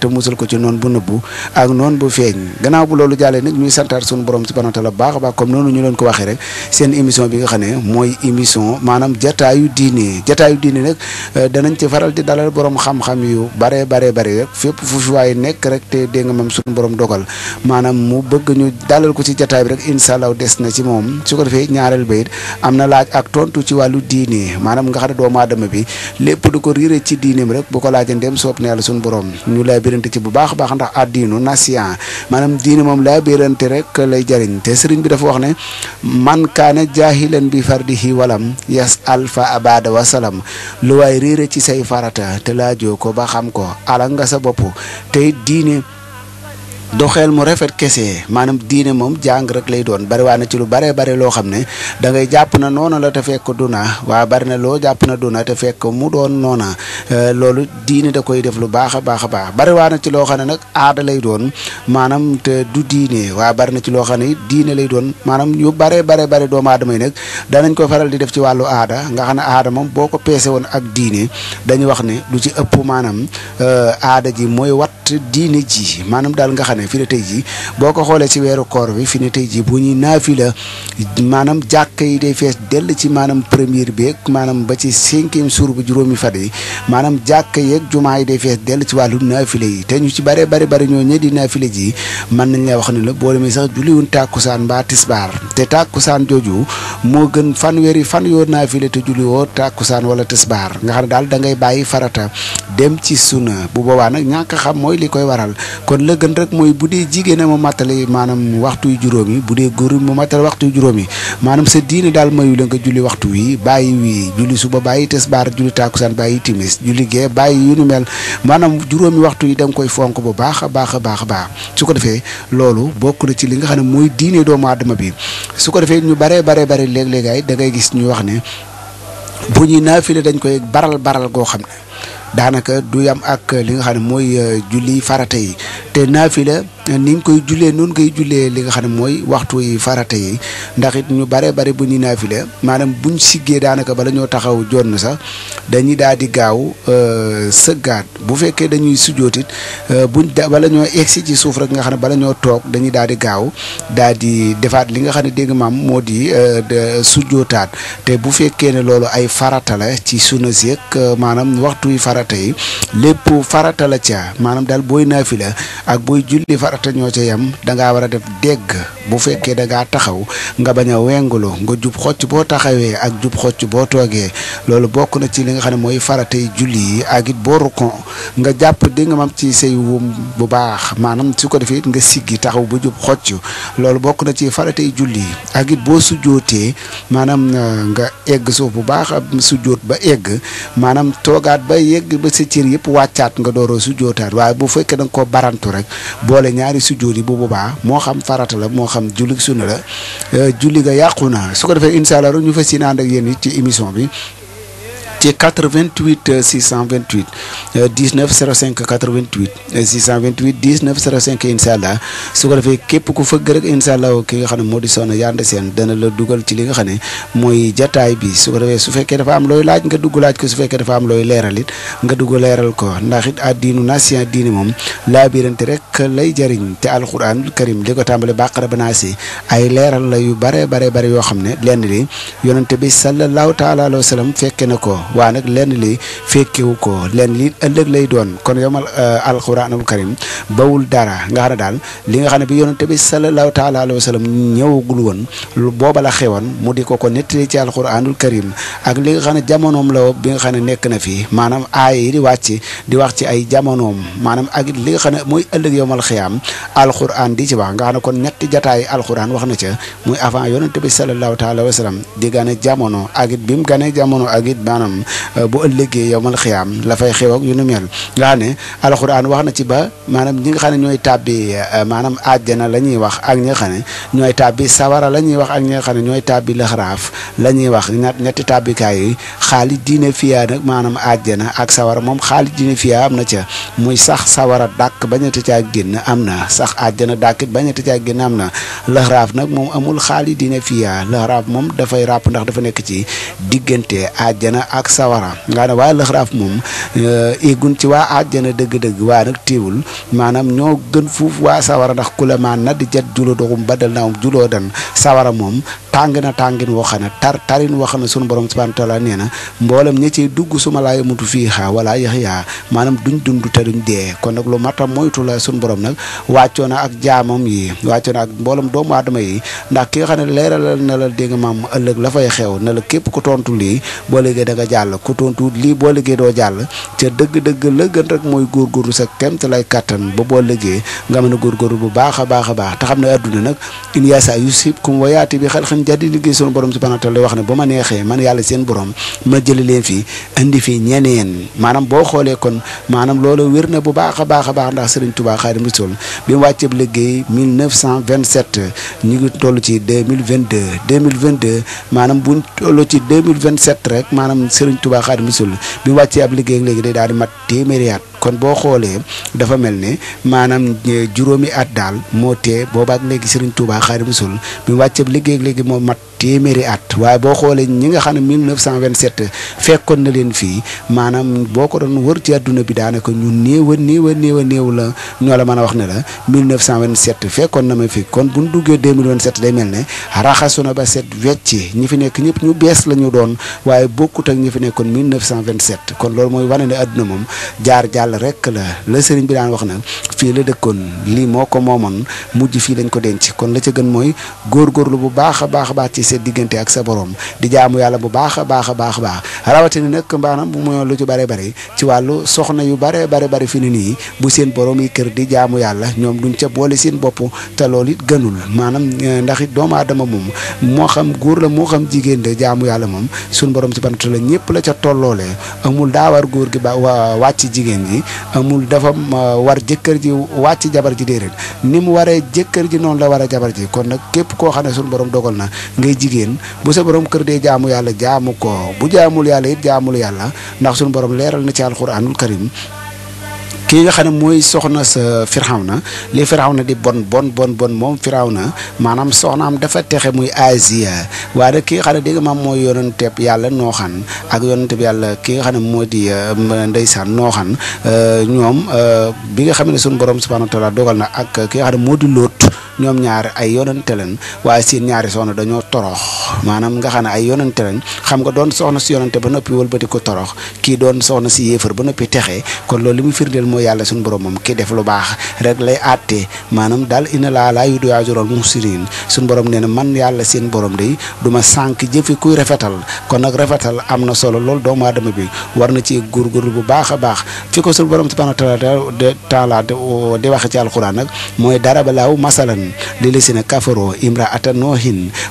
te musal ko ci noonu bu nëbbu ak noonu bu feeñ gannaaw bu loolu jàllee nag ñuy santaat suñu borom subhanahu wa taala baax a baax comme noonu ñu leen ko waxee rek seen émission bi nga xam ne mooy émission maanaam jataayu diine jataayu diine nag euh, danañ ci faral di dalal boroom xam-xam yu bare bare bare fépp fu fi waay nekk rek te dégg nga moom suñu borom dogal maanaam mu bëgg ñu dalal ko ci jataay bi rek incha allah des na ci moom su ko defee ñaareel bayit a na laaj ak tontu ci wàllu diine maanaam nga xam ne doomu aadama bi lépp du ko riire ci diineem rek bu ko laajee ndem soob na suñu borom laa birante ci bu baax a baax ndax na nasiyan maanaam diine moom laa birante rek lay jariñ te sëriñ bi dafa wax ne man kaana jaahilan bi di walam yas alfa abada wasalam lu waay réere ci say farata te laajoo ko ba xam ko ala nga sa bopp te doxeel mu refet kese maanaam diine moom jàng rek lay doon bari waa na ci lu baree bare loo xam ne da ngay jàpp na noona la te fekk du waa bari na loo jàpp na du na te fekk mu doon noona loolu diine da koy def lu baax a baax a baax bari waa na ci loo xam ne nag aada lay doon maanaam du diine waa bari na ci loo xam ne diine lay doon maanaam yu baree bare bare doomu aadama yi nag danañ ko faral di def ci wàllu aada nga xam ne aada moom boo ko peese woon ak diine dañuy wax ne lu ci ëpp maanaam aada ji mooy wat diine ji maanaam daal nga xam ne ne fi ne tey jii boo xoolee ci weeru koor bi fi ne tey jii bu ñuy naafi la maanaam jàkk yi day fees dell ci maanaam première beeg maanaam ba ci cinquième suur bu juróomi fan yi maanaam jàkk yeeg jumaa yi day fees dell ci wàllu naafile yi te ñu ci bare bari bari ñoo ñe di naafile ji mën nañ la wax ne la boo demee sax julliwun tàkkusaan mbaa tisbaar te tàkkusaan jooju moo gën fan fanweeri fan yoo naafile te julliwoo tàkkusaan wala tisbaar nga xam ne daal da ngay bàyyi farata dem ci sunna bu boobaa nag ñàkk xam mooy li koy waral kon la gën rek mooy bu dee jigéen mu mattale maanaam waxtu yu juróom yi bu dee góor mu mattale waxtu yu juróom yi maanaam sa diine daal mayu la nga julli waxtu wi bàyyi wii julli suba bàyyi tes tisbaar julli taakusaan bàyyi timis julli gee bàyyi yu nu mel maanam juróomi waxtu yi danga koy fonk bu baax a baax a baax a baax su ko defee loolu bokk na ci li nga xam ne mooy diine doomu aadama bi su ko defee ñu baree baree bari léeg-léeg ay da ngay gis ñu wax ne bu ñuy naafile dañ koy baral baral goo xam daanaka du yam ak li nga xam ne mooy euh, julli farata te naafila ni nga koy jullee noonu ngay jullee li nga xam ne mooy waxtu yi farata yi ndax it ñu bare bare bu ñuy naafila maanaam bu ñu siggee daanaka bala ñoo taxaw jonn sax dañuy daal di gaaw euh, sëggaat bu fekkee dañuy sujootit euh, buñ bala ñoo egsi ci suuf rek nga xam ne bala ñoo toog dañuy daal di gaaw daal di defaat li nga xam ne dégg maam moo di euh, sujootaat te bu fekkee ne loolu ay farata la ci sunu sieg maanaam waxtu yi farata yi lépp farata la ca maanaam dal booy naafila ak buy julli farata ñoo ca yem dangaa war a def dégg bu fekkee dangaa taxaw nga bañ a wengulu nga jub xocc boo taxawee ak jub xocc boo toogee loolu bokk na ci li nga xam ne mooy faratay julli yi ak it boo rukon nga jàpp di nga mam ci say wum bu baax maanaam su ko defee nga siggi taxaw ba jub xocc loolu bokk na ci faratay julli yi ak it boo sujjootee maanaam euh, nga egg suuf bu baax sujjoot ba egg maanaam toogaat ba yegg ba sa cër yëpp wàccaat nga dooroo sujjootaat waaye bu fekkee danga ko barantu rek boole ñaari sujjóot yi bu boobaa moo xam farata la moo xam julli sunna la euh, julli ga yàqu na su ko defee incha allah ñu fa yéene ànd ak yéen ci émission bi ci 88 628 19 05 88 628 19 05 incha allah su ko defee képp ku fëgg rek incha allah ki nga xam ne moo di Soxna Yande Sène dana la dugal ci li nga xam ne mooy jataay bi su ko defee su fekkee dafa am looy laaj nga dugg laaj ko su fekkee dafa am looy leeral it nga dugg leeral ko ndaxit it addiinu nasiha diini moom laabirante rek lay jëriñ te alxuraanul karim li ko tàmbale bàqara ba naa si ay leeral la yu bare bare bare yoo xam ne lenn li yonente bi sallallahu taala alayhi wa sallam fekke na ko waaye nag lenn li fekkewu ko lenn li ëllëg lay doon kon yomal euh, alquranul karim bawul dara nga xam ne daal li nga xam ne bi yonente bi sallallahu taala alayhi wa ñëwagul woon lu booba la xewoon mu di ko ko nettali ci alquranul karim ak li nga xam ne jamonoom la bi nga xam ne nekk na fi maanaam aaya yi di wàcc di wax ci ay jamonoom maanaam ak li nga xam ne mooy ëllëg yomal xiyaam alquran di ci wax nga xam ne kon ñetti jataay alquran wax na ca muy avant yonente bi sallallahu taala alayhi wa sallam di gane jamono ak bi mu gane jamono ak it maanaam xam euh, bu ëllëgee yow mal xiyaam la fay xew ak yu nu mel nga xam ne alxuraan wax na ci ba maanaam ñi nga xam ne ñooy tàbbi euh, maanaam àjjana la ñuy wax ak ñi nga xam ne ñooy tàbbi sawara la ñuy wax ak ñi nga xam ne ñooy tàbbi laxraaf la ñuy wax ñetti tàbbikaay yi xaali diine fiyaa nag maanaam àjjana ak sawara moom xaali diine fiyaa am na ca muy sax sawara dàkk bañati caa génn am na sax àjjana dàkkit bañati caa am na laxraaf nag moom amul xaali diine fiyaa laxraaf moom dafay ràpp ndax dafa nekk ci diggante àjjana ak sawara nga ne waa laxraaf moom igun euh, ci waa àjjana dëgg-dëgg waaye nag téewul maanaam ñoo gën fuuf waa sawara ndax ku la maa nadd jat julo doxum badal naawum juloo dan sawara moom tàng na tàngin woo xam ne tar tarin woo xam ne sunu borom subhanahu wa taala nee na mboolem ña ciy dugg suma laa yamutu fii xaa wala yéex yaa maanaam duñ dund te dee kon nag lu mata moytu la sunu borom nag wàccoo na ak jaamam yi wàccoo na ak doomu aadama yi ndax ki nga xam la dégg maam ëllëg la fay xew na la képp ku tontu lii boo léegi da nga jàll ku tontu lii boo liggéey doo jàll ca dëgg-dëgg la gën rek mooy góorgóorlu sa kemt lay kàttan ba boo liggéey nga mën a góorgóorlu bu baax a baax a baax te xam ne adduna nag in yaasa yusibkum wa yaati bi xalqin jadiid ne ba ma neexee borom ma jëli leen wér na bu baax a baax a baax ndax Sëriñ Tuubaa Xaadimu bi mu wàcceeb liggéey 1927 ñu ngi toll ci rek maanaam Sëriñ Serigne Touba Xaadimu Rasuul bi mu wàccee ab liggéey ak léegi day daal di mat téeméeri kon boo xoolee dafa mel ne maanaam e, juróomi at daal moo tee boobaak léegi Serigne Touba Xaadimu Rasuul bi mu wàccee liggéey léegi moom mat téeméeri at waaye boo xoolee ñi nga xam ne 1927 fekkoon na leen fii maanaam boo ko doon wër ci àdduna bi daanaka ñu néew a néew a néew a néew la ñoo la mën a wax ne la 1927 fekkoon na ma fi kon bu ñu duggee 2027 day mel ne raxasu na ba set wecc ñi fi nekk ñëpp ñu bees la ñu doon waaye bokkut ak ñi fi nekkoon 1927 kon loolu mooy wane ne àdduna moom jaar jàll yàlla rek la la sëriñ bi daan wax na fii la dëkkoon lii moo ko moomoon mujj fii lañ ko denc kon la ca gën mooy góorlu bu baax a baax a baax ci seen diggante ak sa borom di jaamu yàlla bu baax a baax a baax a nag maanaam bu moyoon lu ci bare bare ci wàllu soxna yu bare bare bare fi ni nii bu seen borom yi kër di jaamu yàlla ñoom duñ ca boole seen bopp te loolu it gënul maanaam eh, ndax it doomu aadama moom moo xam góor la moo xam jigéen de jaamu yàlla moom suñ borom subhanahu wa la ñëpp la ca tolloole amul daa war góor gi ba wàcc jigéen ji amul dafa war jëkkër ji wàcc jabar ji déedéet ni mu waree jëkkër ji noonu la war a jabar ji kon nag képp koo xam ne suñu borom dogal na ngay jigéen bu sa borom kër dee jaamu yàlla jaamu ko bu jaamul yàlla it jaamul yàlla ndax suñu borom leeral na ci alxuraanul karim kii nga xam ne mooy soxna sa Firawna li na di bon bon bon bon moom na maanaam soxna am dafa texe muy Asiya waaye nag ki nga xam maam mooy yonenteb yàlla nooxan ak yonenteb yàlla ki nga xam ne moo di euh, ndeysaan nooxan euh, ñoom euh, bi nga xam ne suñu borom subhanahu wa taala na ak ki nga moo di lóot ñom ñaar ay yonenté lañ waaye seen ñaari soxna dañoo torox manam nga xana ay yonenté lañ xam nga doon soxna ci yonenté ba wol beuti ko torox ki doon soxna ci yéfer ba nopi téxé kon loolu li firdel mo yalla suñu borom mom ki def lu baax rek lay atté manam dal ina la la yudu ajrul musirin suñu borom neena man yalla seen borom day duma sank jëfi kuy rafetal kon nag rafetal am solo lool ma dama bi warna ci gur gur bu baax a baax fi ko suñu borom subhanahu wa taala de taala de wax ci alquran nak moy masalan للذين كفروا امرأة نوح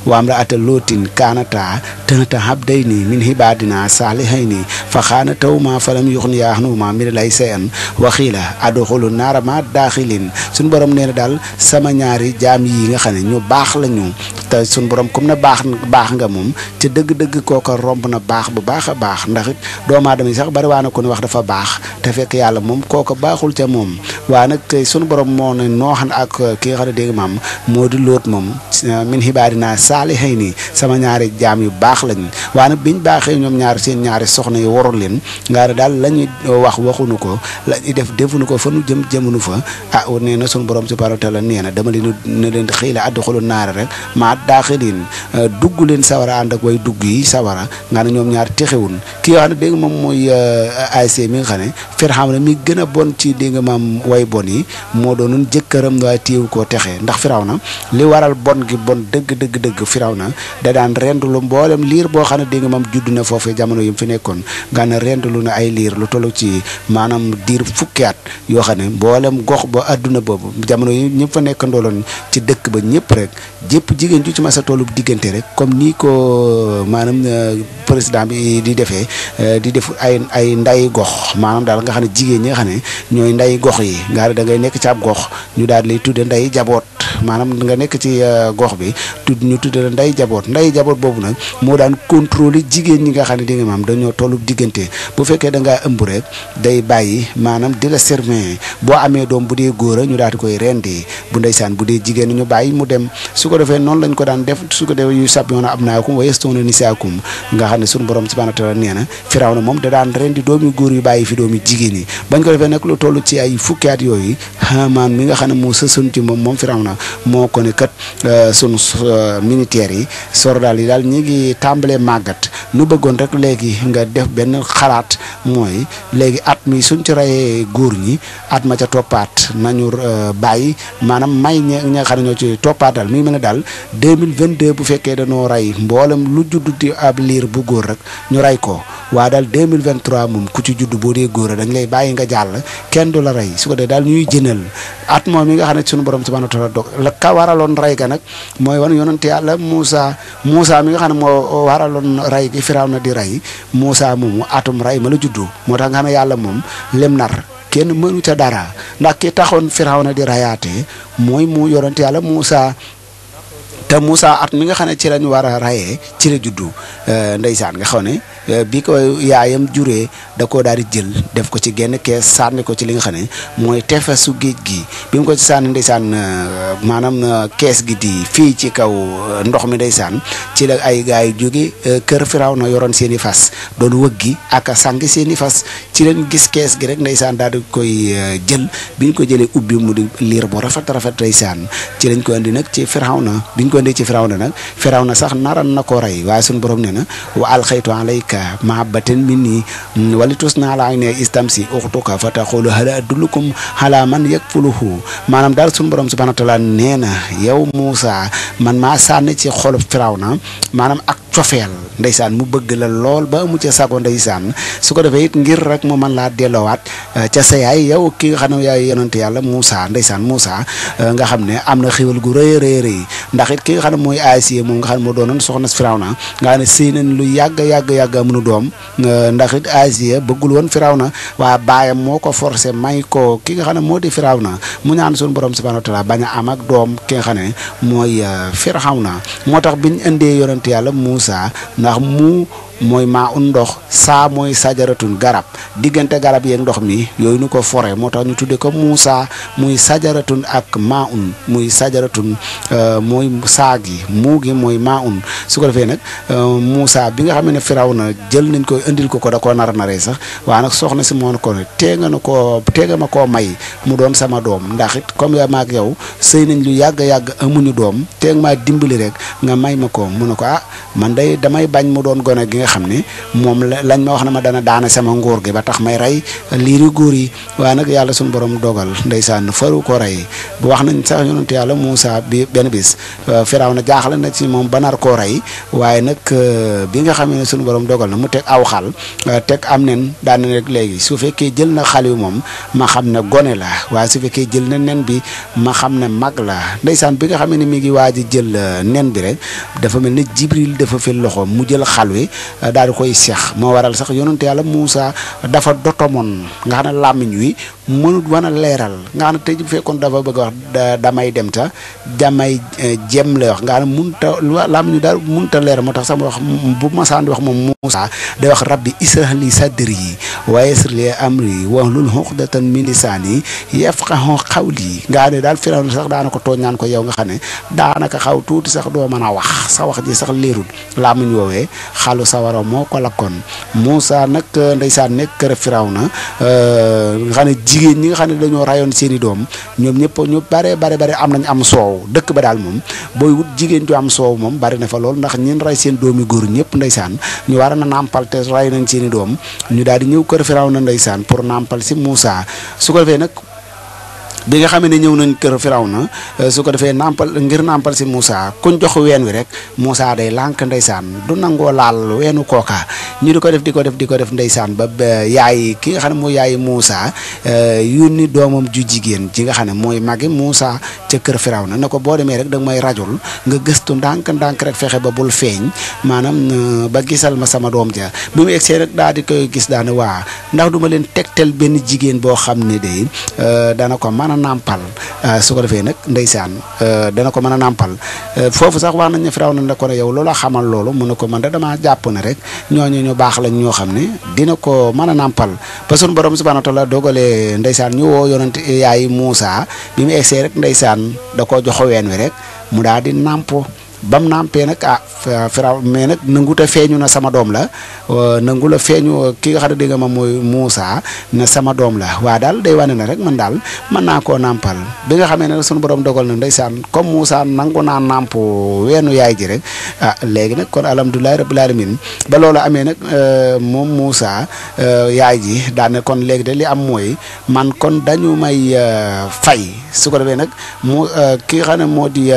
وامرأة لوط كانتا تحت عبدين من عبادنا صالحين فخانتهما فلم يغنيا عنهما من الله شيئا وقيل ادخلوا النار مع الداخلين suñu borom nee na daal sama ñaari jaam yi nga xam ne ñu baax lañu te suñu borom comme na baax baax nga moom ca dëgg-dëgg kooka romb na baax bu baax a baax ndax it doomu aadama yi sax bari waa na ko ne wax dafa baax te fekk yàlla moom kooka baaxul ca moom waa nag tey suñu borom moo ne nooxan ak ki nga maam moo di lóot moom min xibaadinaa saalixay nii sama ñaari jaam yu baax lañ waaye nag biñ baaxee ñoom ñaar seen ñaari soxna yi waru leen nga daal la ñuy wax waxunu ko la ñuy def defuñu ko fa nu jëm jëmunu fa a ah, nee na sunu borom subhaanahu wa taala nee na ne leen la adduxulu naara rek maa daaxilin ah, dugg leen sawara ànd ak way dugg yi sawara nga ne ñoom ñaar texewun kii yoo xam ne dégg nga moom mooy ASC ah, mi nga xam ne fer xam mi gën a bon ci dégg nga maam way bon yi moo doonoon jëkkëram waaye téewu koo texee ndax na li waral bon gi bon dëgg dëgg dëgg Firawna da daan rendlu mboolem liir boo xam ne dégg nga moom judd na foofee jamono yi mu fi nekkoon nga ne na ay liir lu toll ci maanaam diir fukki at yoo xam ne mboolem gox ba adduna boobu jamono yi ñëpp fa nekk ndooloon ci dëkk ba ñëpp rek jépp jigéen ju ci masa toolu diggante rek comme nii ko euh, maanaam euh, président bi di defee euh, di def ay ay nday gox maanaam daal nga xam ne jigéen ñi nga xam ne ñooy nday gox yi nga xam ne da ngay nekk ci ab gox ñu daal lay tudde nday jaboot jaboot maanaam nga nekk ci euh, gox bi tudd ñu tudd la nday jaboot nday jaboot boobu nag moo daan contrôler jigéen ñi nga xam ne di nga maam dañoo tollu diggante bu fekkee da ngaa ëmb rek day bàyyi maanaam di la sermin boo amee doom bu dee góor a ñu daal di koy rendi bu ndeysaan bu dee jigéen ñu bàyyi mu dem su ko defee noonu lañ ko daan def su ko defee yu sàpp yoon ab naakum wa yestoona nga xam ne suñu borom subhanahu wa nee na firaw na moom da daan rendi doomi góor yu bàyyi fi doomi jigéen yi bañ ko defee nekk lu toll ci ay fukki at yooyu xamaan mi nga xam ne moo sësoon ci moom moom firaw na na moo ko ne kat euh, sunu euh, militaires yi soldat yi daal ñi ngi tàmbalee màggat nu bëggoon rek léegi nga def benn xalaat mooy léegi at mi suñ ci reyee góor ñi at ma ca toppaat nañu euh, bàyyi maanaam may ñi nga xam ne ñoo ci toppaatal mi ngi mel ne daal 2022 bu fekkee dañoo rey mboolem lu judd di ab liir bu góor rek ñu rey ko waa daal 2023 moom ku ci judd boo dee góor dañ lay bàyyi nga jàll kenn du la rey su ko dee daal ñuy jënal at moom mi nga xam ne suñu borom subhanahu wa taala ko la ka waraloon rey ga nag mooy wan yonent yàlla Moussa Moussa mi nga xam moo waraloon rey gi firaaw na di rey Moussa moomu atum rey ma la juddoo moo ta nga xam yàlla moom lim nar kenn mënu ca dara ndax ki taxoon firaaw na di rayaatee mooy mu yonent yàlla Moussa te Moussa at mi nga xam ne ci lañ war a raye ci la juddu euh, ndeysaan nga xam ne euh, bi ko yaayam juree da ko daal di jël def ko ci genn kees sànni ko ci li nga xam ne mooy tefesu géej gi bi mu ko ci sànni ndeysaan euh, maanaam kees gi di fii ci kaw ndox mi ndeysaan ci la ay gars yu jóge kër firaw na yoroon seen i fas doon wëggi ak a sànq seen i fas ci leen gis kees gi rek ndeysaan daal di koy jël bi ñu ko jëlee ubbi mu di liir bu rafet rafet ndeysaan ci lañ ko andi nag ci firaw na biñ ko ëndee ci firawna nak firawna sax naran na ray rey sun borom nee na wa khaytu alayka mahabbatan minni walitusna ala ayni istamsi ukhtuka fatakhulu hal hala adullukum ala man yakfuluhu manam dal sun borom subhanahu wa taala nee yow man ma sànni ci xol firawna manam ak cofeel ndaysan mu bëgg la lol ba mu ci sago ndaysan su ko it ngir rek mo man laa delloowaat eh, ca sa yaay yow ki nga xam yaay yonent yalla musa ndaysan musa eh, nga xam amna xewal gu reey reey ndax it ki nga xam ne mooy ASC moom nga xam moo doonoon soxna Firawna nga xam ne sëy nañ lu yàgg yàgg yàgg amunu doom euh, ndax it ASC bëggul woon firaw na waa baayam moo ko forcé may ko ki nga xam ne moo di Firawna mu ñaan suñu borom subhanahu wa taala bañ a am ak doom ki nga xam ne mooy euh, na moo tax biñ indee yonent yàlla Moussa ndax mu mooy maa un ndox saa mooy sajaratun garab diggante garab yeeg ndox mi yooyu nu ko fore moo tax ñu tudde ko Muusa muy sajaratun ak maa un muy sajaratun euh, mooy saa gi muu gi mooy maa un su ko defee nag euh, Muusa bi nga xam ne firaw na jël nañ ko indil ko ko da koo nar naree sax waa nag soxna si moo ko ne tee nga na koo tee ma koo may mu doon sama doom ndax it comme yaa maak yow sëy nañ lu yàgg yàgg amuñu doom teeg maa dimbali rek nga may ma ko mu ne ko ah man day damay bañ xam ne moom lañ ma wax na ma dana daana sama nguur gi ba tax may rey liiri góor yi waaye nag yàlla suñu borom dogal ndeysaan faru ko rey bu wax nañ sax yonent yàlla Moussa bi benn bis firaw na jaaxle na ci moom banar koo rey waaye nag euh, bi nga xam ne suñu boroom dogal na mu teg aw xal euh, teg am nen daan rek léegi su fekkee jël na xal yu moom ma xam ne gone la waaye su fekkee jël na nen bi ma xam ne mag la ndeysaan bi nga xam ne mi ngi waaj a jël euh, nen bi rek dafa mel ne jibril dafa fi loxo mu jël xal wi daal di koy seex moo waral sax yonante yàlla Moussa dafa dotomon nga xam ne làmmiñ wi mënut wana a leeral nga xam ne tey bu fekkoon dafa bëgg wax damay dem ta damay eh, jem lay wax nga xam ne munta làmmiñ wi daal munta leeral moo tax sax wax bu ma di wax moom Moussa day wax rabbi israh li sadri wa yassir li amri wahlul uqdatan min lisani yafqahu qawli nga xam ne daal firaw sax daana ko tooñ naan ko yow nga xam ne daanaka xaw tuuti sax doo mën a wax sa wax ji sax leerul lamiñ woowee xalu sa sawara moo ko lakkoon Moussa nag ndeysaan nekk kër Firawna euh, nga xam ne jigéen ñi nga xam ne dañoo rayoon seen i doom ñoom ñëpp ñu bare bare bare am nañ am soow dëkk ba daal moom booy wut jigéen ju am soow moom bari na fa lool ndax ñin ray seen doomi góor ñëpp ndeysaan ñu war a na nàmpal te ray nañ seeni doom ñu daal di ñëw kër Firawna ndeysaan pour nàmpal si Moussa su ko defee nag bi nga xamé ñew nañ kër firawna euh, su ko defé nampal ngir nampal ci Moussa kuñ jox wén wi rek Moussa day lank ndaysan du nango laal wénu koka ñu diko def diko def diko def ndaysan ba yaay ki nga xamné mo yaay Moussa euh, yoni domam ju jigen ci nga xamné moy magi Moussa ci kër firawna nako bo démé rek dag may rajul nga gëstu ndank ndank rek fexé ba bul feñ manam euh, ba gisal ma sama dom ja bu mu exé rek daal di koy gis daana wa ndax duma len tektel ben jigen bo xamné euh dana ko man mën a nàmpal euh, ko defee nag ndeysaan euh, dana ko mën a nàmpal euh, foofu sax wax nañ ne firaw na ne a ne yow loola xamal loolu mun na ko mën da damaa jàpp ne rek ñooñu ñu baax lañ ñoo xam ne dina ko mën a nàmpal ba suñu borom a wa taala dogalee ndeysaan ñu woo yonent yaay Muusa bi mu egsee rek ndeysaan da koo joxo ween wi rek mu daal di nàmpo bam nampee nag ah firaw mais nag nangu feeñu na sama doom la euh, nangu la feeñu euh, kii nga xam ne dégg nga ma mooy Moussa ne sama doom la waa daal day wane na rek man daal mën naa koo nàmpal bi nga xamee ne sunu borom dogal na ndeysaan comme Moussa nangu naa nàmp weenu yaay ji rek ah léegi nag kon alhamdulilah rabbil alamin ba loolu amee nag euh, moom Moussa yaay ji daan kon léegi de li am mooy man kon dañu may fay su ko defee nag mu ki nga xam moo di.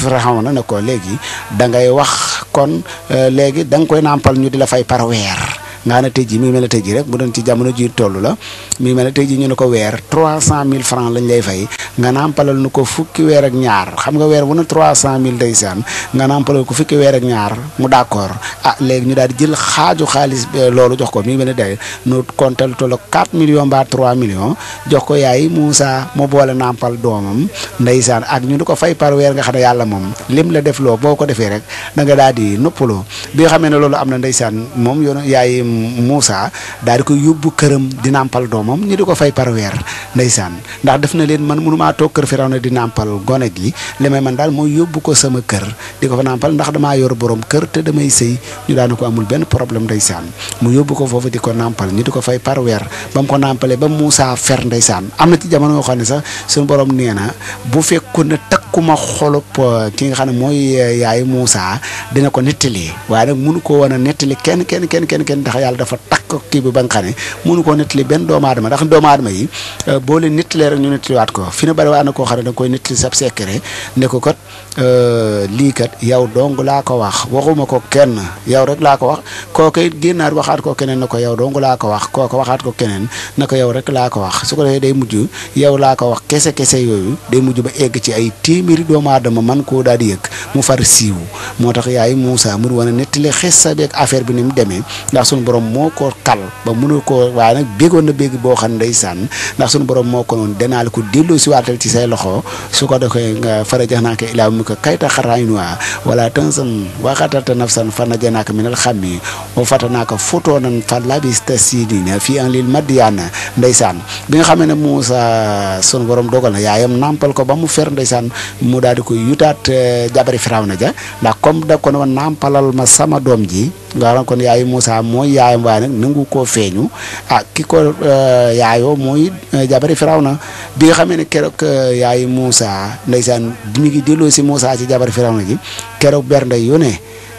Firawna ne ko léegi da ngay wax kon euh, léegi da nga koy nàmpal ñu di la fay parweer nga xam ne tey jii mi ngi mel ne tey jii rek bu doon ci jamono ji toll la mi ne tey jii ñu ne ko weer trois cent mille francs lañ lay fay nga nàmpalal nu ko fukki weer ak ñaar xam nga weer wu ne trois cent mille day saan nga nàmpalal ko fukki weer ak ñaar mu d'accord ah léegi ñu daal di jël xaaju xaalis eh, loolu jox ko mi ngi mel ne tey nu kontal toll ak quatre millions mbaa trois millions jox ko yaay Moussa mu boole nàmpal doomam ndeysaan ak ñu di ko fay par weer nga xam ne yàlla moom lim la def loo boo ko defee rek da nga daal di noppaloo bi nga xamee ne Moussa daal di ko yóbbu këram di nàmpal doomam ñu di ko fay par weer ndeysaan ndax def na leen man mënumaa toog kër Firawna di nàmpal gone gi li may man daal mooy yóbbu ko sama kër di ko fa nàmpal ndax damaa yor borom kër te damay sëy ñu daana ko amul benn problème ndeysaan mu yóbbu ko foofu di ko nàmpal ñu di ko fay par weer ba mu ko nàmpalee ba Moussa fer ndeysaan am na ci jamono yoo xam ne sax suñu borom nee na bu fekkoon ne takkuma xolub eh, ki nga xam ne mooy eh, yaay Moussa dina ko nettali waaye nag ko woon a nettali kenn kenn kenn kenn kenn yàlla dafa takk kii bi ba nga xam ne mënu koo nettali benn doomu ndax doomu yi euh, boo nettalee rek ñu nettaliwaat ko fi na bari waa na koo xam ne da koy nettali sab secret ne ko kat Euh, lii kat yow dong laa ko wax waxuma ko kenn yow rek laa ko wax kooka it waxaat ko keneen na ko yow dong laa ko wax kooka waxaat ko keneen na yow rek laa ko wax su ko defee day mujj yow laa ko wax kese kese yooyu day mujj ba egg ci ay téeméeri doomu aadama man koo daal di yëg mu far siiw moo tax yaay Moussa mu wane nettali xissa beeg affaire bi ni mu demee ndax sunu borom moo ko kal ba mënul koo waaye nag béggoon na bégg boo xam ndeysaan ndax sunu borom moo ko noonu danaa ko delloo si ci say loxo su nga fara jax naa ko yahdimuka kayta xaraynuha wala tansan waxatata nafsan fa najanaka minal xammi o fatanaka fotonan fa labista sidina fi an lil madiyana ndeysaan bi nga xamee ne Moussa sunu borom dogal na yaayam nampal ko ba mu fer ndeysaan mu daal di koy yutaat eh, jabari Firawna ja ndax comme da ko ne woon nampalal ma sama doom ji nga xam kon yaayu Moussa mooy yaayam waaye nag nangu koo feeñu ah ki ko eh, yaayoo mooy eh, jabari Firawna bi nga xamee ne keroog eh, yaayu Moussa ndeysaan mi ngi delloo si Moussa ci jabari Firawna ji keroog bernde yu ne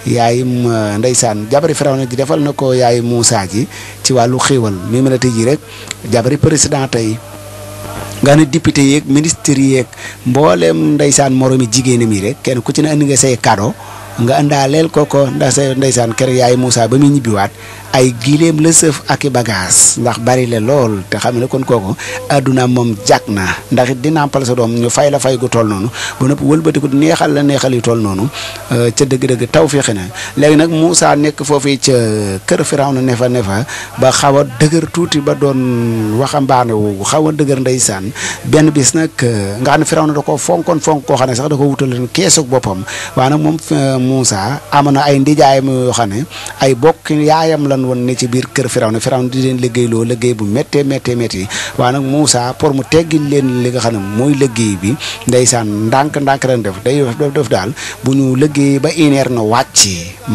yaayum ndeysaan jabari na ji defal na ko yaayu Moussa ji ci wàllu xéewal mi mën a tëj rek jabari président tey. nga ne député yeeg ministre yeeg mbooleem ndeysaan moromi jigéenam yi rek kenn ku ci ne andi nga say cadeau. nga indaaleel kooko ndax sa ndeysaan kër yaay Moussa ba muy ñibbiwaat ay gileem la sëf ak i bagaas ndax bari la lool te xam ne kon kooku adduna moom jàkk na ndax it di nàmpal sa doom ñu fay la fay gu tool noonu ba noppi wëlbatiku neexal la neexal yu tool noonu euh, ca dëgg-dëgg taw fexe na léegi nag Moussa nekk foofii ca kër fa nefa fa ba xaw a dëgër tuuti ba doon waxambaane wu xaw a dëgër ndeysaan benn bis nag euh, nga xam ne Firawna da koo fonkoon fonk koo xam ne sax da ko wutal leen keesug boppam Moussa am na ay ndijaayam yoo xam ne ay bokk yaayam lan woon ne ci biir kër Firawna Firawna di leen liggéeyloo liggéey bu méttee méttee métti waaye nag Moussa pour mu teggil leen li nga xam ne mooy liggéey bi ndeysaan ndànk ndànk ren def day def def daal bu ñu liggéey ba une heure na wàcc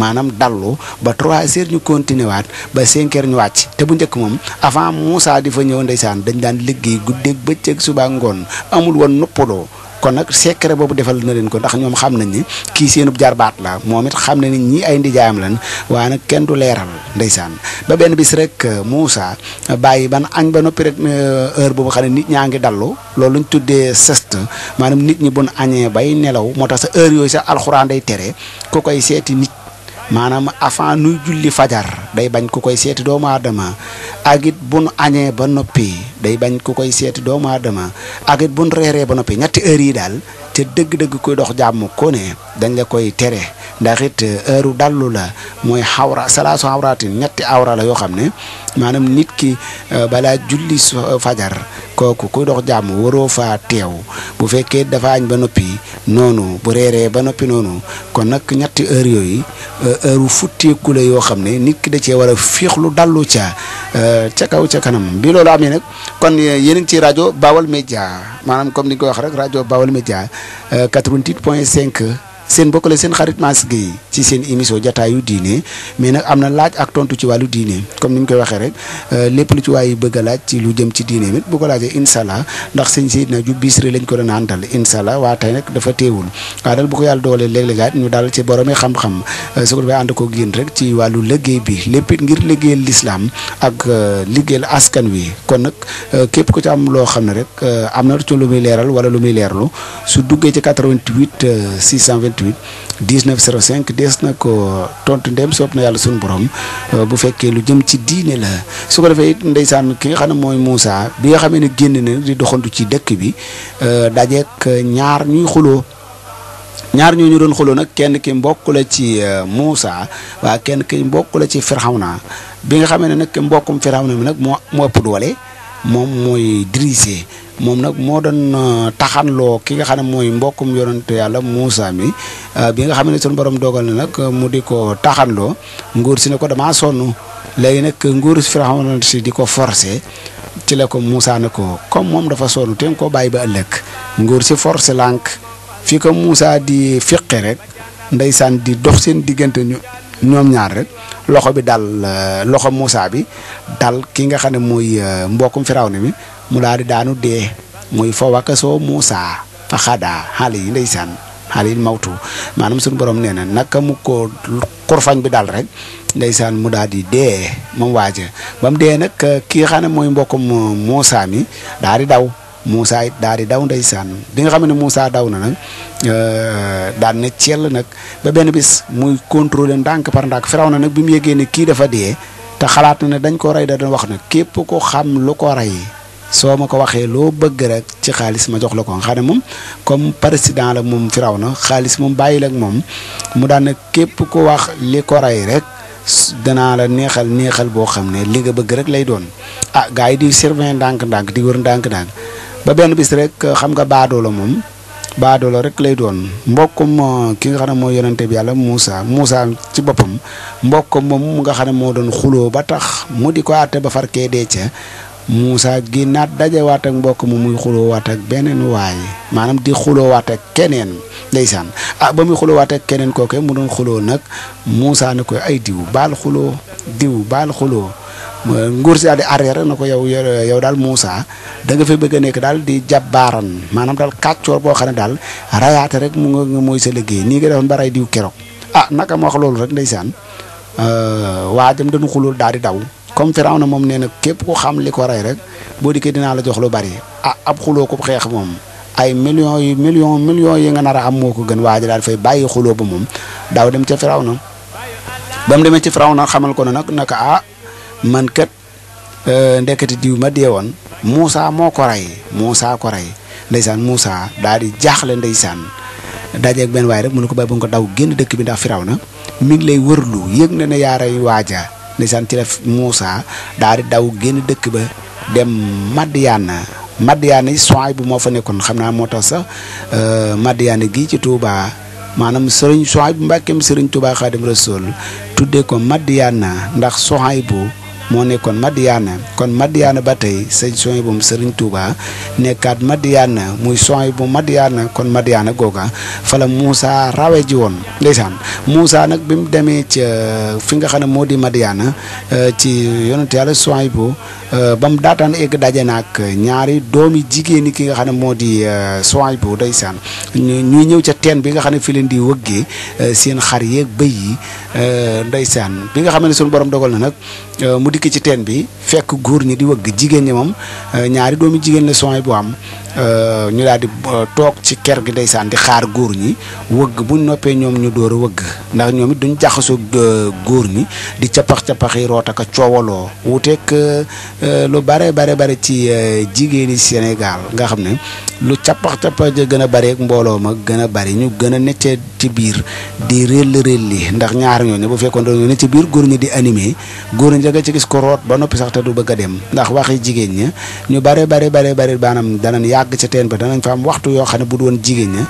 maanaam dallu ba trois heures ñu continuer waat ba cinq ñu wàcc te bu njëkk moom avant Moussa di fa ñëw ndeysaan dañ daan liggéey guddeeg bëccëg suba ngoon amul woon noppaloo kon nag secret boobu defal na leen ko ndax ñoom xam nañ ni kii seenub jarbaat la moom it xam ne ni ñii ay ndijaayam lan waaye nag kenn du leeral ndeysaan ba benn bis rek euh, Moussa euh, bàyyi ban añ ba noppi rek euh, heure boobu xam ne nit ñaa ngi dallu loolu lañ tuddee sest maanaam nit ñi bun añee bay nelaw moo tax sa heure yooyu sax alxuraan day tere ku koy seeti nit maanaam avant nuy julli fajar day bañ ku koy seeti doomu adama ak it bu nu añee ba noppi day bañ ku koy seeti doomu aadama ak it bu nu reeree ba noppi ñetti heures yi daal te dëgg-dëgg koy dox jàmm ko ne dañ la koy tere ndax it heure dallu la mooy xawra salaasu xawraatin ñetti awra la yoo xam ne maanaam nit ki balaa julli fajar kooku kuy dox jàmm waroo faa teew bu fekkee dafa añ ba noppi noonu bu reeree ba noppi noonu kon nag ñetti euh, heure yooyu heure futteeku la yoo xam ne nit ki da cee war a féexlu dallu ca euh, ca kaw ca kanam bi loolu amee nag kon yéen a ngi ci rajo Baol Média maanaam comme ni nga ko wax rek rajo Baol Média 88 euh, point 5 seen bokk seen xarit Mass Guèye ci seen émission jataayu diine mais nag am na laaj ak tontu ci wàllu diine comme ni ñu koy waxee rek euh, lépp lu ci waaye bëgg laaj ci lu jëm ci diine bi bu ko laajee incha allah ndax sëñ Seydina ju biis rek lañ ko doon àndal incha allah waa tey nag dafa teewul waaw daal bu ko yàlla doolee léeg-léegaat ñu daal ci boromi xam-xam euh, su ko defee ànd ko génn rek ci wàllu léggéey bi lépp ngir liggéeyal lislaam ak euh, la askan wi kon nag képp ku ci am loo xam ne rek am na lu muy leeral wala lu muy leerlu su duggee ci 88 628 88 19 05 dees na ko tontu ndem soob na yàlla sunu borom euh, bu fekkee lu jëm ci diine la su ko defee it ndeysaan ki nga xam ne mooy Moussa bi nga xamee ne génn na di doxantu ci dëkk bi euh, dajeek ñaar ñuy xuloo ñaar ñooñu doon xuloo nag kenn ki mbokk la ci euh, Moussa waa kenn ki mbokk la ci Firawna bi nga xamee ne nag mbokkum Firawna mi nag moo moo ëpp doole moom mooy diriger. moom nag moo doon euh, taxanloo ki nga xam ne mooy mbokkum yonante yàlla Moussa mi euh, bi nga xam ne sunu borom dogal na nag mu di ko taxanloo nguur si ne ko damaa sonn léegi nag nguur Firawna si di ko forcé ci la ko Moussa ko comme moom dafa sonn te koo bàyyi ba ëllëg nguur si forcé lànk fi ko Moussa di fiqi rek ndeysaan di dox seen diggante ñu ñoom ñaar rek loxo bi dal euh, loxo Moussa bi daal ki nga xam ne mooy mbokkum Firawna mi mu daal di daanu dee muy fa wakasoo Muusa fa xadaa xaali yi ndeysaan xaali yi mawtu maanaam suñu borom nee na naka mu ko kurfañ bi daal rek ndeysaan mu daal di dee moom waaja ba mu dee nag kii xam ne mooy mbokkum Muusa mi daal di daw Muusa it daal di daw ndeysaan bi nga xam ne Muusa daw na nag euh, daan na ciel nag ba benn bis muy contrôler ndànk par ndànk firaw na nag bi mu yëgee ne kii dafa dee te xalaat na ne dañ ko rey da doon wax nag képp ko xam lu ko rey soo ma ko waxee loo bëgg rek ci xaalis ma jox la ko nga xam ne moom comme président la moom firaw na xaalis moom bàyyi la moom mu daan képp ko wax li ko rey rek danaa la neexal neexal boo xam ne li nga bëgg rek lay doon ah gars yi di surveiller ndànk-ndànk di wër ndànk-ndànk ba benn bis rek xam nga baadoo la moom baadoo la rek lay doon mbokkum uh, ki nga xam ne moo yonente bi yàlla Moussa Moussa ci boppam mbokkum moom nga xam ne moo doon xuloo ba tax mu di ko àtte ba farkee dee ca Moussa génnaat dajewaat ak mbokk mu muy xuloowaat ak beneen waay maanaam di xuloowaat ak keneen ndeysaan ah ba muy xuloowaat ak keneen kooke mu doon xuloo nag Moussa ne ko ay diw baal xuloo diw baal xuloo nguur si daal di arrière na ko yow yow daal Moussa da nga fay bëgg a nekk daal di jabbaaran maanaam daal kàccoor boo xam ne daal rayaate rek mu nga mooy sa liggéey nii nga defoon ba ray diw keroog a ah, naka ma wax loolu rek ndeysaan ah, waajam dañu xulul daal di daw comme na moom nee na képp ku xam li ko rey rek boo dikkee dinaa la jox lu bari ah ab xuloo ko xeex moom ay millions yi million millions yi nga nar a am moo ko gën waa ji daal fay bàyyi xuloo ba moom daaw dem ca Firawna ba mu demee ci Firawna xamal ko ne nag naka ah kat euh, ndeketi diw ma dee woon moo ko rey Moussa ko rey ndeysaan Moussa daal di jaaxle ndeysaan dajeeg benn waaye rek mu ne ko ba nga ko daw génn dëkk bi ndax firaw na ngi lay wërlu yëg na ne yaa rey waaja ndeysaan ci la Moussa di daw génn dëkk ba dem Madiyaana Madiyaana yi soin bu moo fa nekkoon xam naa moo tax sax euh, Madiyaana gii ci Touba maanaam sëriñ soin bu mbàkkeem sëriñ Touba Xaadim Rasuul tuddee ko Madiyaana ndax soin bu moo nekkoon Madiyaana kon madiana ba tey sëñ sooy bu sëriñ Touba nekkaat Madiyaana muy sooy bu Madiyaana kon Madiyaana googa fa la Moussa rawe ji woon ndeysaan Moussa nag bi mu demee ca euh, fi nga xam ne moo di Madiyaana euh, ci yonent yàlla sooy bu euh, ba mu daataan egg daje naag ñaari doomi jigéen ki nga xam ne moo di sooy bu ndeysaan ñuy ñëw ca teen bi nga xam ne fi leen di wëggee seen xar yeeg bëy yi ndeysaan bi nga xam ne sunu borom dogal na nag dikk ci teen bi fekk góor ñi di wëgg jigéen ñi moom euh, ñaari doomi jigéen la soin bu am Euh, ñu daal di euh, toog ci ker gi ndeysaan di xaar góor ñi wëgg buñ noppee ñoom ñu door a wëgg ndax ñoom it duñ jaxasoo euh, góor ñi di cappax capax yi root ak a coowaloo wuteeg lu bare bare bare ci jigéeni Sénégal nga xam ne lu capax-capax ja gën a bari mbooloo ma gën a bari ñu gën a necce ci biir di réll réll ndax ñaar ñooñu bu fekkoon dañoo ne ci biir góor ñi di animé góor ñi da nga ci gis ko root ba noppi sax te du bëgg a dem ndax waxi jigéen ña ñu bare bare bare bare baanaam danañ yàgg àgg ci teen ba danañ fa am waxtu yo xane bu doon jigeen ña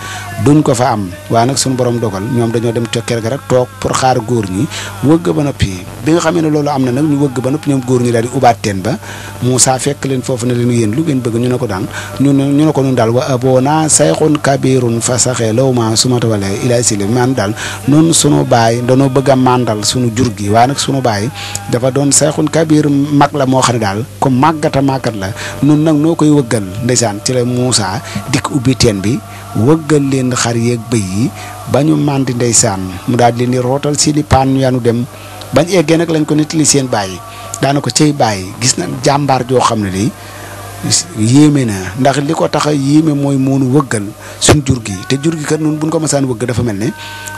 duñ ko fa am wa nak suñu borom dogal ñom dañu dem ci kër ga rek tok pour xaar goor ñi wëgg ba nopi bi nga xamé ne loolu am na ñu wëgg ba nopi ñom goor ñi daal di ubaat teen ba Musa fekk leen fofu ne leen yeen lu bëgg ñu ne daan ñu ñu ne ñun daal wa abona saykhun kabirun fa law ma suma tawalee man daal non sunu baay danoo bëgg mandal màndal sunu jur gi waaye sunu baay dafa doon saykhun kabir mag la mo xane daal ko magata la nun nak nokoy wëggal ndeysaan ci la Moussa dikk ubbi teen bi wëggal leen xar yeeg bëy yi ba ñu màndi ndeysaan mu daal di leen di rootal seeni paan ñu yanu dem bañ eggee nag lañ ko nettali seen bàyyi daana ko cey bàyyi gis na jàmbaar joo xam ne lii yéeme na ndax li ko tax a yéeme mooy moonu wëggal suñ jur gi te jur gi kat nun buñ ko masaan wëgg dafa mel ne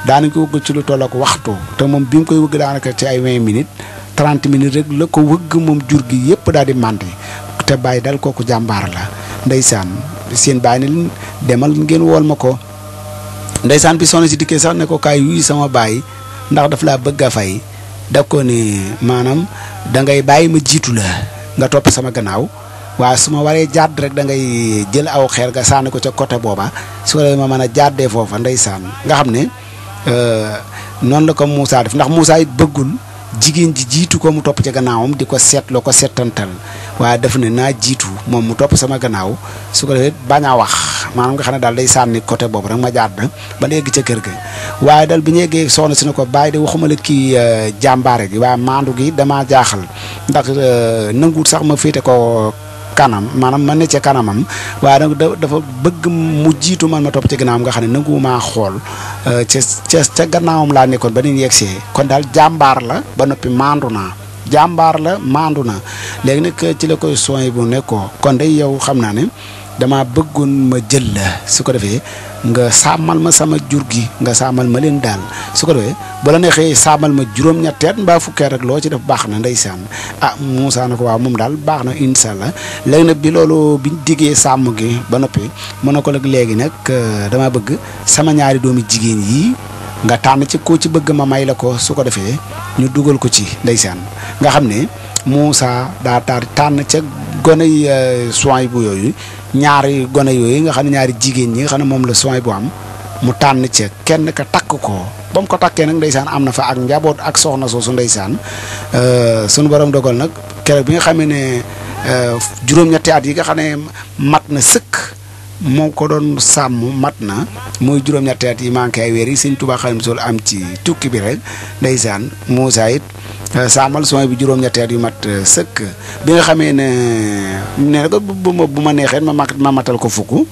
daanañ ko ci lu toll ak waxtu te moom bi mu koy wëgg daanaka ci ay 20 minutes 30 minutes rek la ko wëgg moom jur gi yépp daal di màndi te bàyyi dal kooku jàmbaar la ndeysaan seen bàyyi ne leen demal ngeen wool ma ko ndeysaan bi soxna si dikkee sax ne ko kaay yuy sama bàyyi ndax daf laa bëgg a fay daf ko ne maanaam dangay ngay bàyyi ma jiitu la nga topp sama gannaaw waaye su ma waree jàdd rek da ngay jël aw xeer nga sànni ko ca côté booba su waree ma mën a jàddee foofa ndeysaan nga xam ne euh, noonu la ko Moussa def ndax Moussa it bëggul jigéen ji jiitu ko mu topp ca gannaawam di ko seetloo ko seetantal waaye def ne naa jiitu moom mu topp sama gannaaw su ko defee bañ a wax maanaam nga xam ne daal day sànni côté boobu rek ma jàdd ba léegi ca kër gi waaye dal bi ñu yeggee soxna si ne ko bàyyi de waxuma la kii euh, jàmbaare gi waaye maandu gi damaa jaaxal ndax euh, nanguwut sax ma féete ko kanam maanaam ma ne ca kanamam waaye nag dafa bëgg mu jiitu man ma topp ci ginnaawam nga xam ne nangu maa xool euh, ca ca ca gannaawam laa nekkoon ba ni ñu yegsee kon daal jàmbaar la ba noppi maandu naa jàmbaar la maandu na léegi nag ci la koy soñ bu nekkoo kon day yow xam naa ne dama bëggoon ma jël la su ko defee nga sàmmal ma sama jur gi nga sàmmal ma leen daal su ko defee ba la neexee saamal ma juróom-ñetti at mbaa fukki loo ci def baax na ndeysaan ah Moussa na ko waaw moom daal baax na incha allah léegi nag bi loolu biñ diggee sàmm gi ba noppi mën na ko nag léegi nag euh, dama bëgg sama ñaari doomi jigéen yi nga tànn ci koo ci bëgg ma may la ko su ko defee ñu dugal ko ci ndeysaan nga xam ne daa taar tànn gone yi euh, soin bu yooyu ñaari gone yooyu nga xam ne ñaari jigéen ñi nga xam ne moom la soin bu am mu tànn ca kenn ka takk ko ba mu ko takkee nag ndeysaan am na fa ak njaboot ak soxna soosu ndeysaan euh, sunu borom dogal nag keroog bi nga xamee ne euh, juróom-ñetti at yi nga xam ne mat na sëkk moom ko doon sàmm mat na mooy juróom-ñetti at yi manqué ay weer yi sëñ Tuubaa Xaadimu Rasuul am ci tukki bi rek ndeysaan Muusaa it saamal euh, soin bi juróom-ñetteet yu mat euh, sëkk bi nga xamee ne ne ko bu ma neexee ma ma matal ko fukk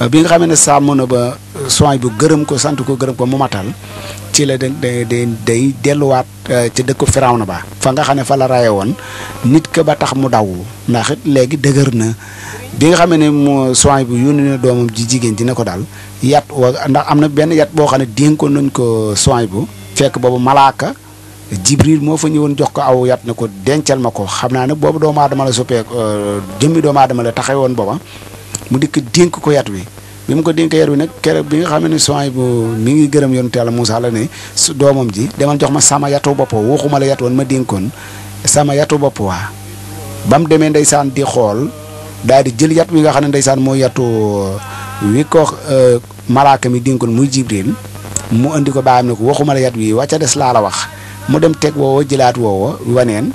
euh, bi nga xamee ne sàmm na ba soin bu gërëm ko sant ko gërëm ko mu matal ci la de day day delluwaat ca dëkk na ba fa nga xam ne fa la raye woon nit ka ba tax mu daw ndax it léegi dëgër na bi nga xam ne mu soin bu yónni na doomam ji jigéen dina ko daal yat wa ndax am na benn yat boo xam ne dénkoon nañ ko soin bu fekk boobu malaaka Jibril moo fa ñëwoon jox ko aw yat ne ko denceel ma ko xam naa ne boobu doomu aadama la soppee euh, jëmmi doomu aadama la woon booba mu dikk dénk ko yat wi bi mu ko dénk yat wi nag keroog bi nga xam ne soin bu mi ngi gërëm yonent Yàlla Moussa la ne su doomam ji demal jox ma sama yatu bopp waxuma la ma dénkoon sama yatu bopp waa ba mu demee ndeysaan di xool daal di jël yat wi nga xam ne ndeysaan mooy yatu euh, wi ko euh, malaaka mi dénkoon muy Jibril mu indi ko baa am ne ko waxuma la yat wi wàcca des laa la wax mu dem teg woowa jëlaat woowa waneen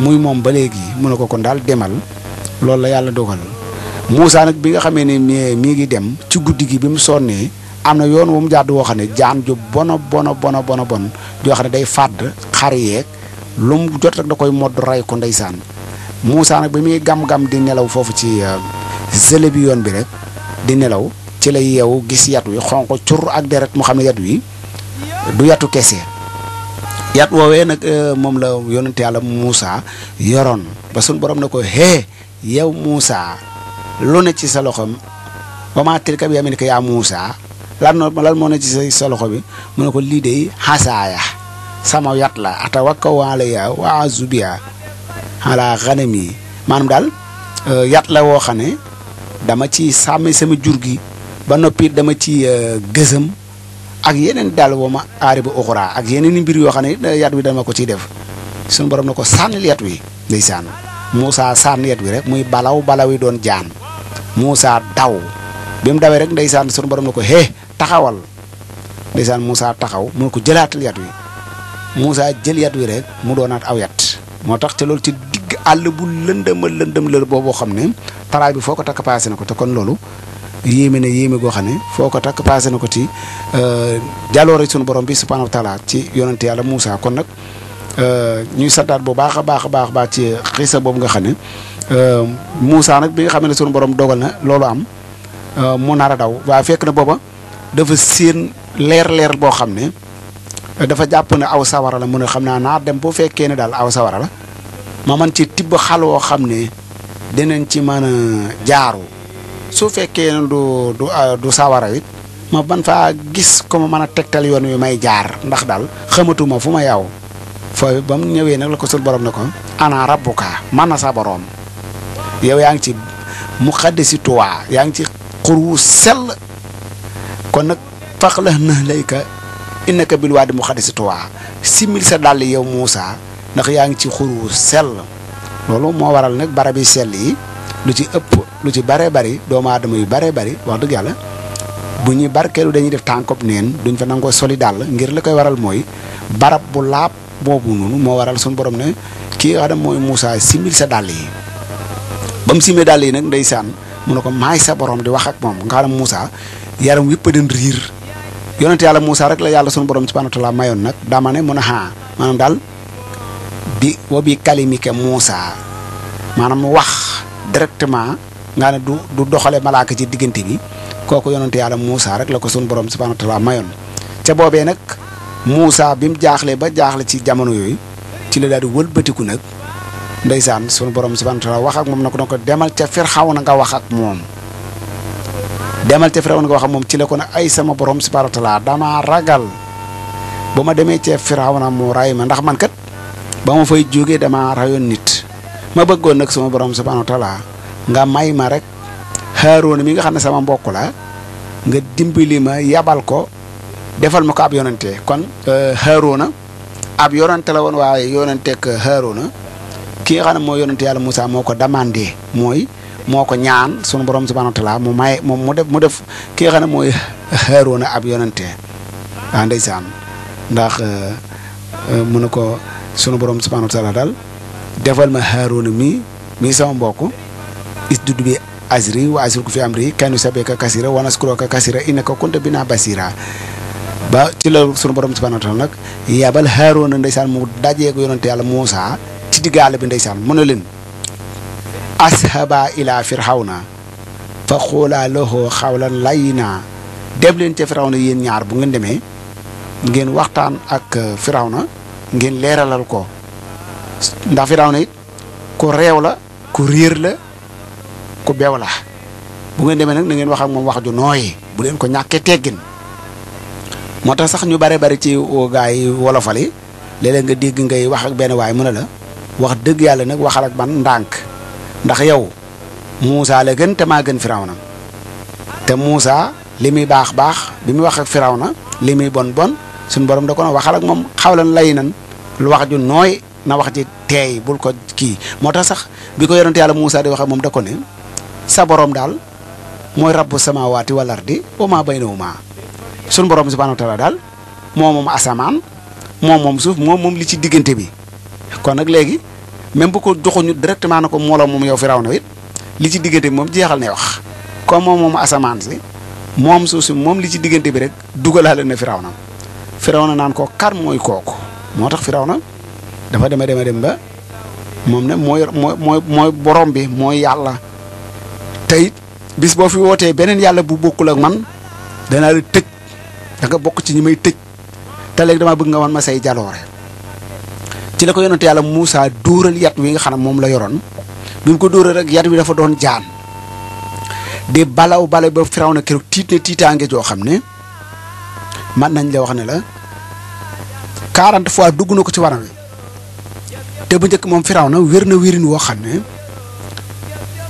muy moom ba léegi mu ne ko kon daal demal loolu la yàlla dogal Moussa nag bi nga xamee ne mi mi ngi dem ci guddi gi bi mu sonnee am na yoon wu mu jàdd woo xam ne jaan ju bona bona bona bona bon joo xam ne day fàdd xar yeeg lu mu jot rek da koy modd rey ko ndeysaan Moussa nag bi muy gam-gam di nelaw foofu ci zële euh, bi yoon bi rek di nelaw ci la yeewu gis yat wi xonq cur ak deret mu xam ne yat wi du yatu kese yat woowee nag euh, moom la yonent yàlla Moussa yoroon ba suñ borom na ko hee yow Moussa lu ne ci sa loxoom wa maa tilka lan lan moo ci sa loxo bi mu ne ko lii de xasaaya sama yat la atawakkalu alayhaa wa a'uuzu bihaa alaa ganami maanaam daal euh, yat la woo xam ne dama ci sàmmi sama jur gi ba noppi dama ci euh, gësëm ak yeneen daal woo ma aari ba uxuraa ak yeneen mbir yoo xam ne yat wi dama ko ciy def suñu borom na ko sànnil yat wi ndeysaan Moussa sànni yat wi rek muy balaw balaw yi doon jaan Moussa daw bi mu dawee rek ndeysaan suñu borom na ko hee taxawal ndeysaan Moussa taxaw mun ko jëlaatal yat wi muusaa jël yat wi rek mu doonaat aw yat moo tax te loolu ci digg àll bu lëndëma lëndëm la booboo xam ne taraay bi foo ko takk paase na ko te kon loolu yéeme na yéeme goo xam ne foo ko takk passé na ko ci euh, jàlloore sunu borom bi subhaana wa taala ci yonent yàlla Moussa kon nag euh, ñuy santaat bu baax a baax a baax baax ci sa boobu nga xam ne euh, Moussa nag bi nga xam ne borom dogal na loolu am mu nar a daw waaye fekk na booba dafa séen leer leer boo xam ne dafa jàpp ne aw sawara la mu xam naa naa dem bu fekkee ne daal aw sawara la ma man ci tibb xal woo xam ne dinañ ci mën a jaaru su fekkee do do euh, du sawara it ma ban fa gis ko ma mana tektal tegtal yoon wi may jaar ndax dal xamatuma fu ma yaw fa bam ñewé nak la ko sul borom nako ana rabbuka man sa borom yow yaang ci muqaddisi tuwa yaang ci sel kon nak na layka innaka bil wadi muqaddisi tuwa simil sa dal yow musa ndax yaang ci xuru sel loolu mo waral nak barabi sel yi lu ci ëpp lu ci bare bari doomu aadama yu bare bari wax dëgg yàlla bu ñuy barkeelu dañuy def tànkop neen duñ fa nangoo soli ngir la koy waral mooy barab bu laab boobu noonu moo waral sun borom ne kii nga mooy Moussa simil sa dàll yi ba mu simee dàll yi nag ndeysaan mu ne ko maay sa borom di wax ak moom nga xam Moussa yaram wépp den riir yonent yàlla Moussa rek la yàlla sun borom ci wa taala mayoon nag dama ne mu a xaa maanaam daal bi wa bi kalimike Moussa maanaam wax directement nga ne du du doxale malaka ci diggante bi koku yonante yalla Moussa rek la ko sun borom subhanahu wa taala mayon. ca bobé nak Moussa bim jaxlé ba jaxlé ci jamono yoy ci la daal di nak ndaysan sun borom subhanahu wa taala wax ak mom na nako demal ca firxaw nga wax ak mom demal ca firxaw nga wax ak mom ci la ko ay sama borom subhanahu wa taala dama ragal buma démé demee ca firxaw na mu ray ma ndax man kat bama fay dama rayon nit ma bëggoon nag suma borom subhanahu wa taala nga may ma rek Haaruna mi nga xam ne sama mbokk la nga dimbali ma yabal ko defal ma ko ab yonante kon euh, Haaruna ab yonante la woon waaye yonanteeg Haaruna ki nga xam ne moo yonante yàlla Moussa moo ko demandé mooy moo ko ñaan sunu borom subhanahu wa taala mu may moom mu def mu def ki nga xam ne mooy Haaruna ab yonante ah ndeysaan ndax euh, euh, mu ne ko sunu borom subhanahu dal defal ma Haaruna mi mii sama mbokk isdud bi azri wa azri ku fi amri kanu sabeka kasira wa naskuroka kasira innaka kunta bina basira ba ci la su borom subhanahu wa taala nag yabal Haaruna ndeysaan mu dajee yonante yàlla Muusa ci diggaale bi ndeysaan mu ne leen ashaba ila firhawna fa xoolaa loxo xawlan layyina dem leen ca firawna yéen ñaar bu ngeen demee ngeen waxtaan ak na ngeen leeralal ko ndax Firawna it ku réew la ku réer la ku beew la bu ngeen demee nag na ngeen wax ak moom wax ju nooy bu leen ko ñàkkee teggin moo tax sax ñu bare bari ci gaa yi wolofal nga dégg ngay wax ak benn waay mu ne la wax dëgg yàlla nag waxal ak man ndànk ndax yow Moussa la gën te maa gën Firawna te muusaa li muy baax baax bi muy wax ak Firawna li muy bon bon suñu borom da ko waxal ak moom xawlan lay nan lu wax ju nooy. na wax ji tey bul ko ki motax sax bi ko yalla musa di waxe mom da ko ne sa borom dal moy rabbu samawati wal ardi wa ma baynahuma sun borom subhanahu wa taala dal mom mom asaman mom mom suuf mom mom li ci digeunte bi kon nak legi même bu ko directement nako mom yow it li ci diggante mom jeexal ne wax comme mom mom asaman si mom suuf mom moom li ci digeunte bi rek dugalale na firaw na firaw na ko kar moy koko motax dafa dema dema dem ba moom ne mooy mooy mooy borom bi mooy yàlla tey bis boo fi wootee beneen yàlla bu bokkul ak man danaa la tëj da nga bokk ci ñi may tëj te léegi dama bëgg nga wan ma say jaloore ci la ko yonent yàlla Moussa dóoral yat wi nga xam ne moom la yoroon bi mu ko dóoral rek yat wi dafa doon jaan di balaw balay ba firaw na keroog tiit ne tiitaange joo xam ne man nañ la wax ne la 40 fois dugg na ko ci waram wi te bu njëkk moom firaw na wér na wérin woo xam ne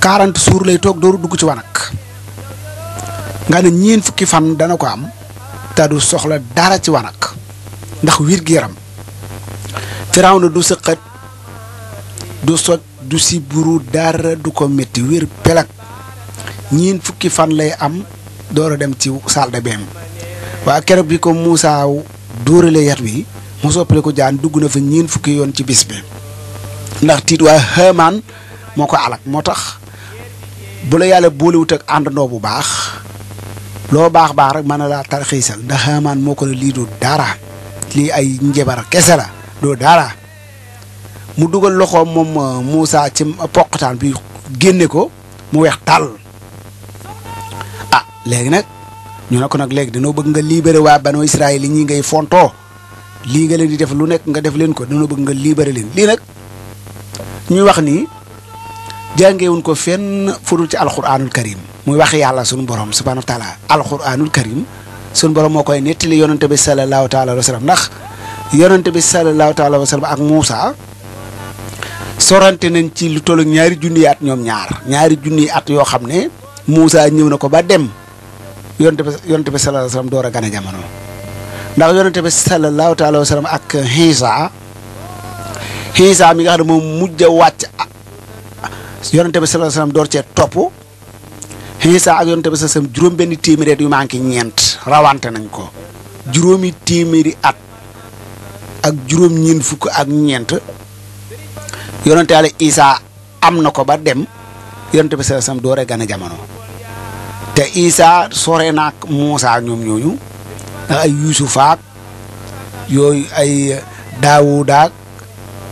quarante jours lay toog dooru dugg ci wanag nga ne ñeen fukki fan dana ko am te du soxla dara ci wanag ndax wér gi yaram firaw na du sëqat du soj du siburu dara du ko metti wér pelag ñeen fukki fan lay am door dem ci salle de waa keroog bi ko Moussa dóorale yat wi mu ko jaan dugg na fa ñeen fukki yoon ci bis bi ndax tiit waa xëmaan moo ko alak moo tax bu la yàlla boolewut ak àndandoo bu baax loo baax baax rek mën na laa tarxiisal ndax xëmaan moo ko ne lii du dara lii ay njabar kese la doo daara mu dugal loxoom moom euh, Moussa ci poqtaan bi génne ko mu weex tàll ah léegi nag ñu ne ko nag léegi danoo bëgg nga libéré waa banu Israël yi ñi ngay fontoo li nga leen di def lu nekk nga def leen ko dana bëgg nga libéré leen lii nag ñuy wax ni jàngeewuñ ko fenn fudul ci alquranul karim muy wax yàlla sunu borom subhanahu wa taala alquranul karim sunu borom moo koy nettali yonante bi salallahu taala wa sallam ndax yonante bi salallahu taala wa sallam ak Moussa sorante nañ ci lu toll ñaari junni at ñoom ñaar ñaari junni at yoo xam ne Moussa ñëw na ko ba dem yonante bi yonante bi salallahu taala wa sallam door a jamono ndax yonente bi sallallahu taala ak Iisaa Iisaa mi nga xam ne moom mujj a wàcc yonente bi sallallahu sallam door cee topp Iisaa ak yonente bi juróom benn téeméeri at yu manqué ñeent rawante nañ ko juróomi téeméeri at ak juróom ñeent fukk ak ñeent yonente isa am na ko ba dem yonente bi sallallahu sallam dooree gane jamono te Iisaa sore naak Muusaa ñoom ñooñu ndax ay yuusufaak yooyu ay daawudaak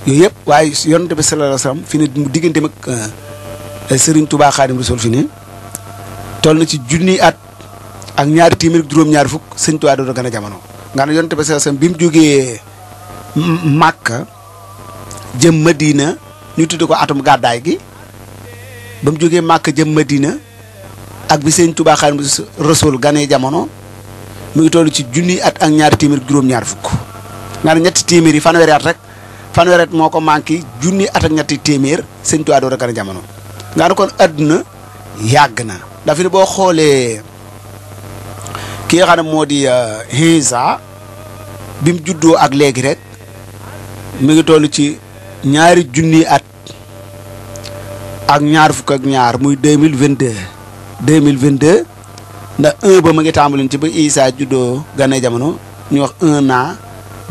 yooyu yëpp waaye yonent bi sallallahu alayhi wasallam fi ne mu diggante mag eh, Serigne Touba Xaadim Rasul fi ne toll na ci junniy at ak ñaari téeméer ak juróom-ñaari fukk Sëñ Touba doo jamono. nga ne yonent bi sallallahu alayhi wasallam bi mu jógee Màkka jëm Madina ñu tudd ko atum gàddaay gi ba mu jógee jëm Madina ak bi Sëñ Touba Xaadim ganee jamono. mu ngi toll ci junni at ak ñaari téeméer juróom-ñaar fukk nga ne ñetti téeméer yi fanweeri rek fanweeri moo ko manqué junni at ak ñetti téeméer sëñ Tuubaa door a jamono. nga ne kon àdduna yàgg na dafa ne boo xoolee ki nga ne moo di euh, Isa bi mu juddoo ak léegi rek mu ngi toll ci ñaari junni at ak ñaar fukk ak ñaar muy deux mille vingt deux deux mille vingt deux ndax un ba mu ngi tàmbali ci ba Isa juddoo gane jamono ñu wax un an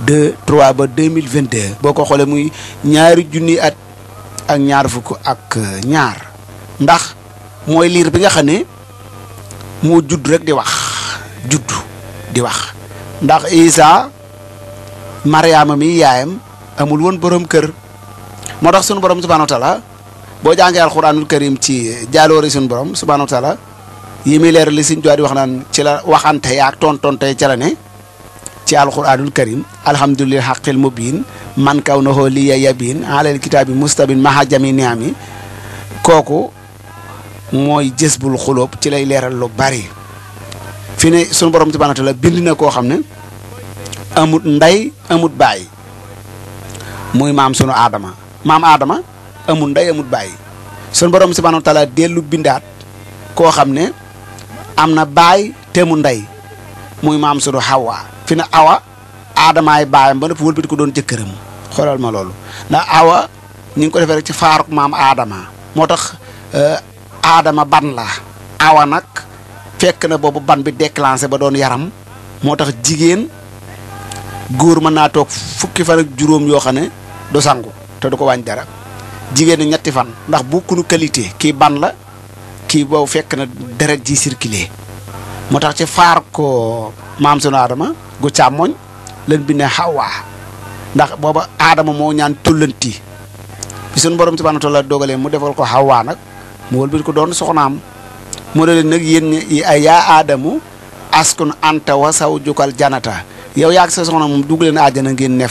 deux trois ba de mille vingt deux boo ko xoolee muy ñaari junni at ak ñaar fukk ak ñaar ndax mooy liir bi nga xam ne moo judd rek di wax judd di wax ndax Isa Mariama mi yaayam amul woon borom kër moo tax sunu borom subhaanahu wa taala boo jàngee alxuraanul karim ci jaaloori sunu borom subhaanahu wa yi muy leer li Sëñ Tuubaa di wax naan ci la waxante yaak tonton tey ca la ne ci alquranul karim alhamdulil haqil mubin man kaw na xoo li ya yabin alal kitaabi mustabin mahajami niami kooku mooy jës bul xulóob ci lay leeral lu bari fi ne sunu borom subhaanahu wa taala bind na koo xam ne amut ndey amut baay muy maam sunu aadama maam aadama amut ndey amut baay sunu borom subhaanahu wa taala dellu bindaat koo xam ne amna bay baay temu nday muy mam sunu hawa fi na awa ay bayam ba noppi wëlbati ko doon jëkkëram xolal ma na awa ñu ngi ko defee Adamah. ci faruk mam adama motax euh adama ban la awa nak fekk na bobu ban bi déclencher ba don yaram motax jigen goor góor mën naa fukki fan ak juróom yo xane do sangu te du ko dara ñetti fan ndax bu kunu qualité ki ban la kii boobu fekk na deret ji circulé moo tax ci faar ko maam sunu aadama gu càmmoñ leen bindee Hawa ndax booba adama moo ñaan tullanti bi sunu borom subhaanahu wa taala dogalee mu defal ko Hawa nag mu wëlbati ko doon soxnaam mu ne leen nag yéen ñi yaa aadamu anta wa saw jukal janata yow yaa sa soxna moom dugg leen àjjana ngeen ne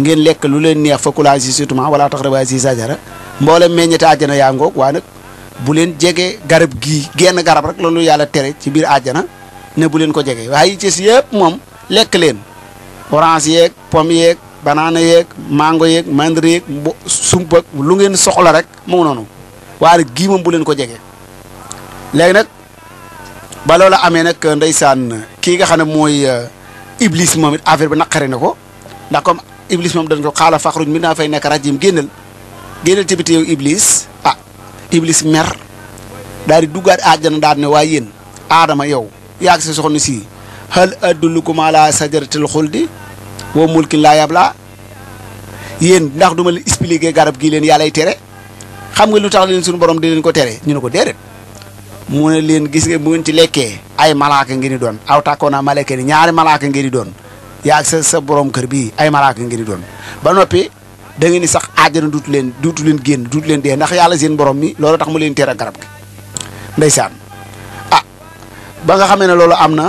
ngeen lekk lu leen neex fa kulaa si surtout wala tax rabaa si sajara mboolem meññete àjjana yaa ngoog waa nag bu leen jege garab gii genn garab rek loolu yàlla tere ci biir àjjana ne bu leen ko jege waaye yi ci si moom lekk leen orange yeeg pomme yeeg banaana yeeg mango yeeg mandre yeeg sump ak lu ngeen soxla rek mu noonu waaye gii moom bu leen ko jege léegi nag ba loolu amee nag ndeysaan kii nga xam ne mooy euh, iblis moom it affaire bi naqari na ko ndax comme iblis moom dañ ko xaala faxruj mi naa fay nekk rajim génnal génnal tamit yow iblis iblis mer daal di duggaat àjjana daal ne waaye yéen aadama yow yaag sa soxna sii hal sa ala sajaratil xuldi wa mulkin laa yablaa yéen ndax duma leen expliquer garab gii leen yàlla yàllay tere xam nga lu tax leen suñu borom di leen ko tere ñu ne ko déedéet mu ne leen gis nga bu ngeen ci lekkee ay malaaka ngeen di doon aw tàkkoona malaaka ni ñaari malaaka ngeen di doon yaag sa sa borom kër bii ay malaaka ngeen di doon ba noppi da ngeen ni sax aljana duutu len duutu len genn duutu len de ndax yalla seen borom mi tax mu len tera garab gi ndaysan ah ba nga xamee ne amna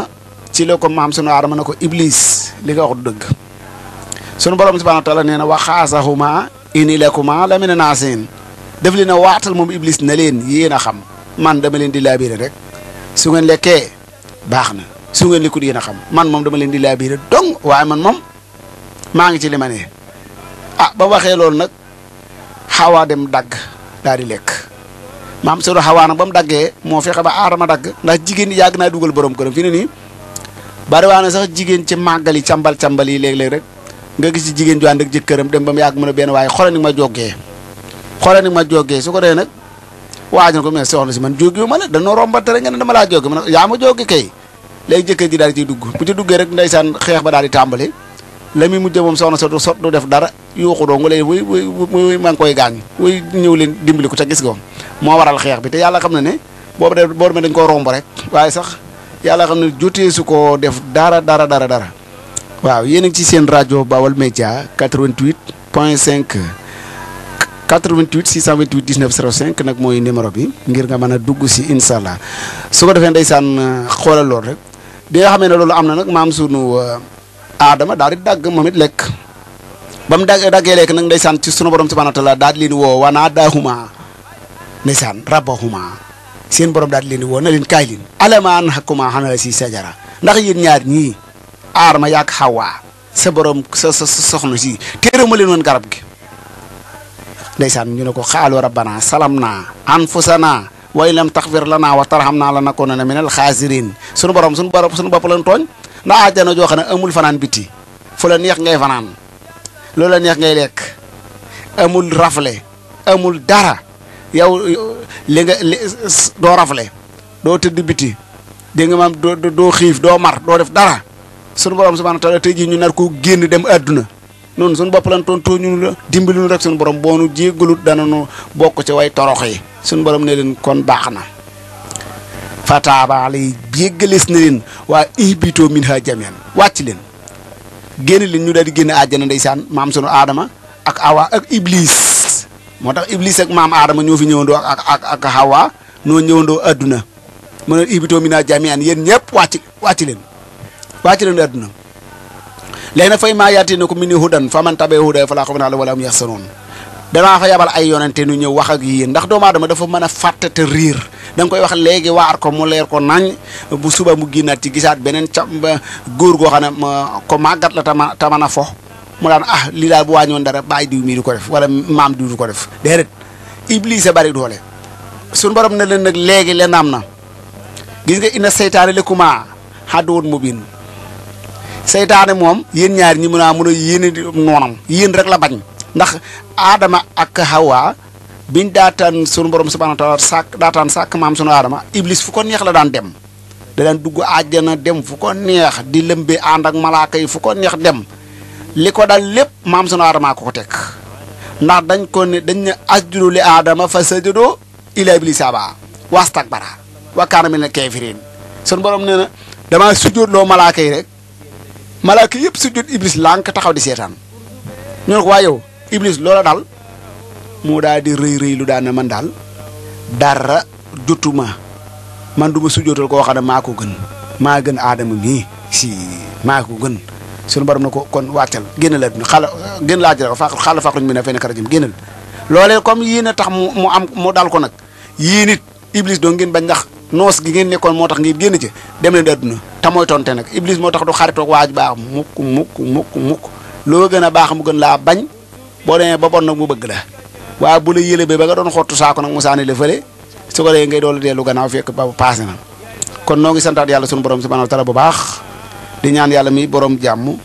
ci la ko sunu nako iblis li nga wax deug sunu borom subhanahu wa taala neena wa khasahuma ini lakuma la mina naasin iblis na len yéen xam man dama len di labire rek su ngeen lekkee baxna su ngeen likul xam man mom dama len di labire dong waiman man mom ma ngi ci limane ah ba waxee loolu nag xawaa dem dagg daal di lekk maam soro xawaa nag ba mu daggee moo fexe ba aadama dagg ndax jigéen ñi yàgg naa dugal borom këram fi ne nii bariwaane sax jigéen ci màggal yi cambal càmbal yi léeg-léeg rek nga gis ci jigéen ju ànd ak jëkkëram dem ba mu yàgg mu a benn waaye xoolal ni ma jógee xoolal ni ma jógee su ko dee nag waaj na ko mais soxna si man jógiwu ma la danoo rombante rek nga ne dama laa jóge ma ne yaa ma jóge kay léegi jëkkër ji daal di ciy dugg rek ndeysaan xeex ba daal di tàmbali la muy mujjee moom soxna sa du sot du def dara yuuxu doo nga lay wuy wuy wuy maa ngi koy gaañ wuy ñëw leen dimbali ko te gis nga moo waral xeex bi te yàlla xam na ne boobu de boobu dañ koo romb rek waaye sax yàlla xam ne jotee su koo def dara dara dara dara. waaw yéen a ngi ci seen rajo Baol Média 88 point 5 88 628 19 05 nag mooy numéro bi ngir nga mën a dugg si incha su ko defee ndeysaan xoolal loolu rek bi nga xamee ne loolu am na nag maam sunu. Euh, adama dari di dagg moom bam lekk dag mu dagg daggee lekk ci sunu borom subhanahu wa taala dal li wo wa nadahuma nisan rabahuma seen borom dal li wo na len kaay leen hakuma xanala si sajara ndax yeen ñaar ñi aar ma yaag sa borom sa soxna ci téere ma leen garab gi ndaysan ñu ne ko khalu rabbana salamna anfusana wa ilam lam lana wa tarhamna lanakuna minal al sunu borom sunu borom sunu bop lan togn ndax àjjana joo xam ne amul fanaan biti fu la neex ngay fanaan loolu la neex ngay lekk amul rafle amul dara yow li nga doo rafle doo tëdd biti dégg nga maam doo doo xiif doo mar doo def dara sunu borom subhanahu wa taala tey jii ñu nar ko génn dem àdduna noonu sunu bopp lan tontoo ñu la dimbali ñu rek sunu borom boo nu jéggalut dana nu bokk ci way torox yi sunu borom ne leen kon baax na. fataaba alay jéggalees na leen waa ihbitoo min ha jamian wàcc leen génn leen ñu daal génn génn àjjana saan maam sunu aadama ak awa ak iblis moo tax iblis ak maam aadama ñoo fi ñëwandoo ak ak ak hawa noo ñëwandoo adduna mu ne ihbitoo min ha jamian yéen ñëpp wàcc wàcc leen wàcc leen adduna léegi nag fay maa yaatee na ko min hudan fa man tabee hudaa falaa xawfun alayhim wa laa hum yaxzanuun danaa fa yabal ay yonente nu ñëw wax ak yéen ndax doomu aadama dafa mën a fàtte te riir da nga koy wax léegi waar ko mu leer ko nañ bu suba mu génnaat ci gisaat beneen ca góor goo xam ne ko màggat la tama tamana fo mu daan ah lii daal bu wàññoon dara bàyyi diw mii ko def wala maam diw du ko def déedéet iblis a bari doole suñu borom ne leen nag léegi leen am na gis nga inna seytaane lakuma aduwwun mubiin seytaane moom yéen ñaar ñi mën a mën a yéen noonam yéen rek la bañ ndax adama ak hawa biñ datan sunu borom subhanahu wa ta'ala sak datan sak maam sunu adama iblis fu ko neex la dan dem da daan dugg aljana dem fu ko neex di lembe and ak malaaka yi fu ko neex dem liko dal lepp maam sunu adama ko ko tek ndax dañ ko ne dañ ne ajru li adama sajudu ila iblis aba wastakbara wa kana min kafirin sun borom neena dama sujud lo malaaka yi rek malaaka yep sujud iblis lank taxaw di setan ñu ko wayo iblis lola dal mo daal di reuy rëy lu na man dal dara jotuma man duma sujjootal ko xana mako gën ma gën adam mi si mako gën sunu borom nako kon wàccal gënal àdduna xala gën la jël fa xala faqruñ mi na fene karajim gënal lolé comme yéen tax mu am mu dal ko nak iblis do ngeen bañ ndax nos gi ngeen nekkon motax tax ngeen génn ci dem leen àdduna ta moy tonte nak iblis motax du xaritok waj baax mukk mukk mukk mukk lo gëna baax mu gën la bañ bo demee ba bon nak mu bëgg la wa bu la yele be ba nga don xottu saako nak mu saani la su ko defee ngay doolu dellu gannaaw fekk ba passé na kon no ngi santat yalla sunu borom subhanahu wa taala bu baax di ñaan yalla mi borom jamm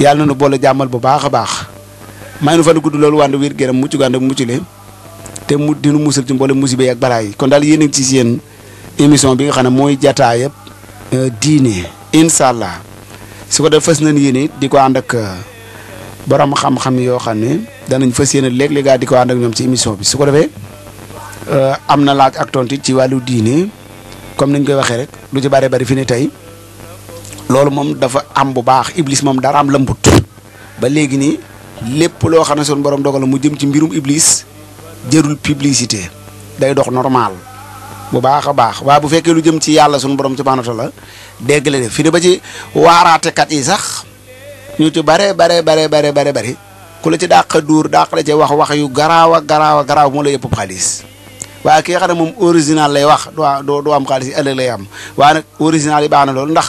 yalla na nu boole jammal bu baaxa baax may nu fa nu gudd wand wir wér muccu mucc muccu le leen te mu dinu musul ci mbolé musibe ak balaay kon dal yeen ci seen émission bi nga xam moy jataa jataayab euh, diiné inshallah su ko def fess nañ yene diko di ko ànd euh, borom xam-xam yoo xam ne danañ fas yéene léeg-léegaa di ko ànd ñoom ci émission bi su ko defee euh, am na laaj ak tontu ci wàllu diine comme nañ koy waxee rek lu ci bari bari fi ne tey loolu moom dafa am bu baax iblis moom dara am lëmbut ba léegi nii lépp loo xam ne suñu borom dogal mu jëm ci mbirum iblis jërul publicité day dox normal bu baax a baax waaye bu fekkee lu jëm ci yàlla suñu borom ci wa taala dégg la de fi ne ba ci waaraatekat yi sax. ñu ci bare bare bare bare bare bari ku la ci dàq duur dàq la ci wax wax yu garaaw ak garaaw ak garaaw moo lay yëpp xaalis waaye ki nga xam ne moom original lay wax doo doo am xaalis yi ëllëg lay am waa nag original yi baax na loolu ndax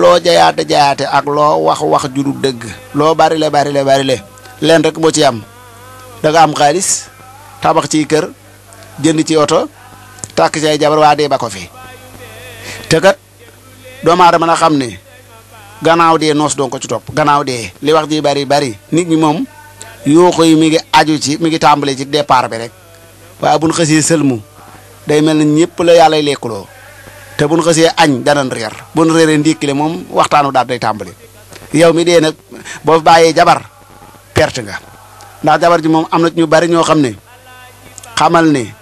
loo jayaate jayaate ak loo wax wax ju du dëgg loo bari le bari le bari le leen rek moo ci am da am xaalis tabax ci kër jënd ci oto tàkk ci ay jabar waa dee ba ko fi te kat doomu aadama na xam ne gannaaw dee noos doon ko ci topp gannaaw dee li wax ji bari bari nit ñi moom yuuxu yi mi ngi aju ci mi ngi tàmbale ci départ bi rek waaye buñ xësee sëlmu day mel na ñëpp la yàllay lekkuloo te buñ xësee añ danan réer buñ réeree ndékkile moom waxtaanu daal day tàmbali yow mi dee nag boo bàyyee jabar perte nga ndax jabar ji moom am na ñu bari ñoo xam ne xamal ne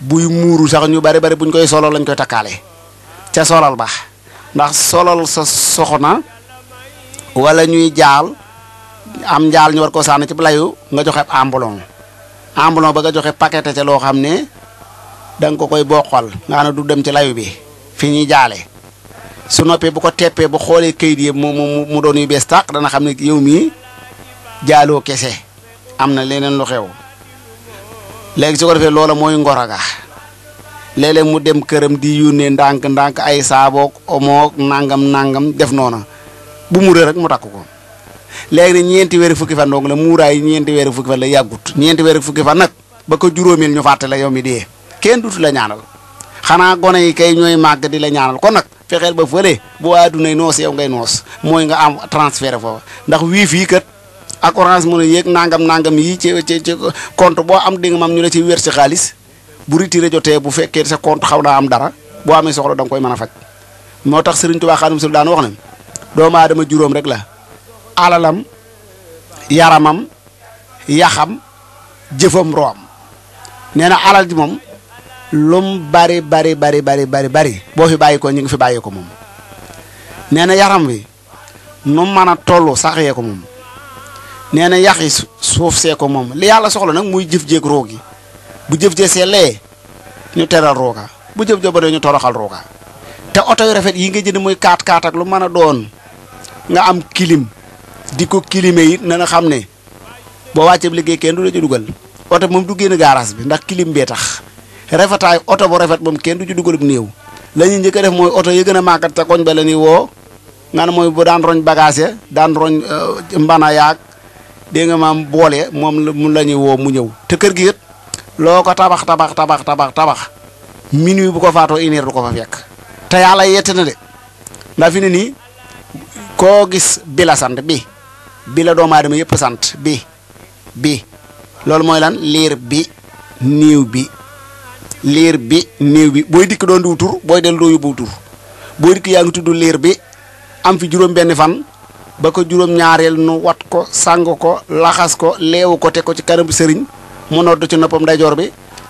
buy muuru sax ñu bari bari buñ koy solo lañ koy takkaale ca solal ba ndax solal sa soxna wala ñuy jaal am njaal ñu war ko sànni ci layu nga joxe ambulon ambulon ba nga joxe paquet ca loo xam ne danga ko koy boqal nga xam ne du dem ci layu bi fi ñuy jaale su noppee bu ko teppee bu xoolee kayit yi mu mu mu doon yu bees tàq dana xam ne yow mii jaaloo kese am na leneen lu xew léegi su ko defee loola mooy ngoro léeg-léeg mu dem këram di yónnee ndànk ndànk ay saabook omook nangam nangam def noona bu mu rëy rek mu takk ko murai nag ñeenti fukki fan dong la muuraay ñenti mil fukki fan la yagut ñenti weeri fukki fan nak ba ko juróomil ñu fàtte la yow mi dee kenn dutu la ñaanal xana gone yi kay ñoy mag di la ñaanal kon nak fexel ba bu nos yow ngay nos moy nga am transfert fo ndax wii kat ak orange mo a nangam nangam yi ci ci ci compte bo am ding mam ñu la ci wër si xaliss bu retiré te bu fekkee sa compte xawna am dara bo amé soxla koi koy mëna fajj motax Serigne Touba sultan wax na doomu adama juróom rek la alalam yaramam yaxam jëfam roam nee na alal ji moom lum bari bari bari bari bari bari boo fi bàyyi ko ñu ngi fi bàyyi ko moom nee na yaram wi nu mën a toll saxee ko moom nee na yax suuf see ko moom li yàlla soxla nag muy jëf jéeg roog bu jëf jee see lee ñu teral rooga bu jëf ñu toroxal rooga te oto yu rafet yi nga jënd muy kaat kaat ak lu mën doon nga am kilim di ko yi nana na nga xam ne boo wàccee liggéey kenn du la ci duggal auto mom du génn garage bi ndax kilim bé tax refataay auto bo rafet mom kén du ci duggal ak néew la ñëk def moy auto yi gëna a ta koñ bala ni wo woo nga ne mooy bu daan roñ bagage ya, daan roñ euh, mbana yaak dé nga maam bolé ya, mom la mu la ñuy mu ñëw te kër gi it loko tabax tabax tabax tabax tabax minuit bu ko faato du ko fa fekk te yalla de ndax fini ni ko gis bi la sant bi bi la doom aadama yëpp sant bi bi lol moy lan liir bi niw bi liir bi niw bi boy dik doon diw tur booy del do yóbbu tur booy dikk ngi liir bi am fi juroom ben fan ba ko juroom ñaarel nu wat ko sang ko laxas ko lew ko te ko ci karam serign mu noddu ci day jor bi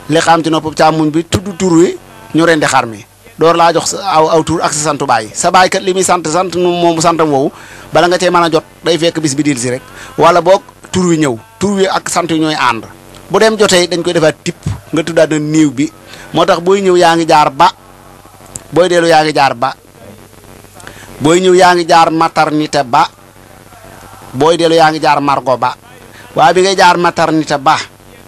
li xam ci nopam chamun bi tudd tour wi ñu rendi xarmi door laa jox aw aw tur ak sa santu baay sa baay kat limi muy sant sant nu moom santam woowu bala nga tay mana jot day fek bis bi dil si rek wala bok tur wi ñew tur wi ak sant wi ñooy bu dem jotee dañ koy defaat tip nga tudda na niw bi motax boy ñew yaangi jaar ba boy delu yaangi jaar ba boy ñew yaangi jaar maternité ba boy delu yaangi jaar margo ba wa bi ngay jaar maternité ba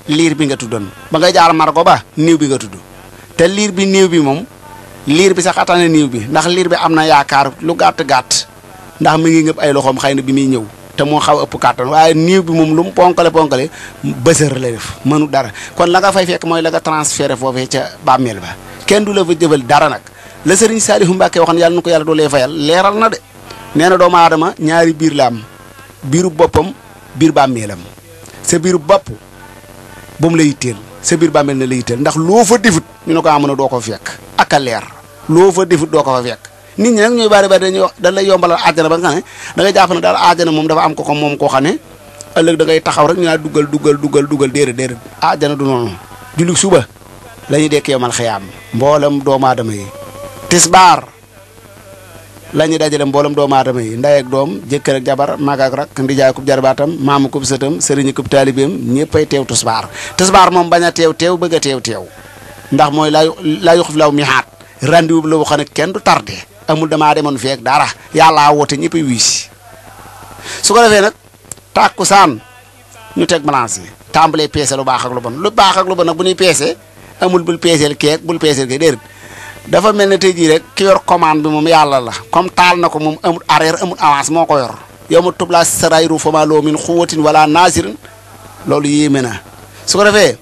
lire bi nga tuddoon ba nga jaar margo ba niw bi nga tuddu te lire bi niw bi mom liir bi sax atane niiw bi ndax liir bi am na yaakaar lu gàtt gàtt ndax mu ngi ngëb ay loxoom xëy na bi muy ñëw te moo xaw a ëpp kàttan waaye niiw bi moom lu mu ponkale ponkale bësër la def mënu dara kon la nga fay fekk mooy la nga transféré foofee ca bàmmeel ba kenn du la fa jëfal dara nag la sëriñ Saalihu Mbàkke nu ko yàlla doolee fayal leeral na de nee na doomu aadama ñaari biir la am biiru boppam biir bàmmeelam sa biir bopp ba mu la yitteel sa biir bàmmeel na la yitteel ndax loo fa difut ñu ne ko amoon ah, na doo ko fekk ak a leer loo fa defut doo ko fa fekk nit ñi nag ñooy bari bari dañuy wax dañ lay yombalal àjjana ba nga xam ne da daal àjjana moom dafa am ko ko moom koo xane ëllëg dangay taxaw rek ñu naa duggal duggal duggal duggal déedéet déedéet àjjana du noonu julli suba la ñuy dekkee yomal xiyaam mboolem doomu aadama yi tisbaar la ñuy dajale mboolem doomu aadama yi ndey ak doom jëkkër ak jabar mag ak rak ndijaay kub jarbaatam maamu kub sëtam sëriñ kub taalibeem ñëppay teew tisbaar tisbaar moom bañ a teew teew bëgg a teew ndax mooy la la yoxuf rendez-vous la waxoon kenn du tardé amul damaa demoon feek dara yàllaa woote ñëpp a wiis su ko defee nag tàkkusaan ñu teg balance yi tàmbalee peese lu baax ak lu bon lu baax ak lu nag bu ñuy peesee amul bul peeseel keek bul peeseel keek déedéet dafa mel ne te jii rek ki yor commande bi moom yàlla la comme taal na ko moom amul arrière amul avance moo ko yor yow ma tub laa sarayru fa maa loo min xuwatin wala naasirin loolu yéeme na su ko defee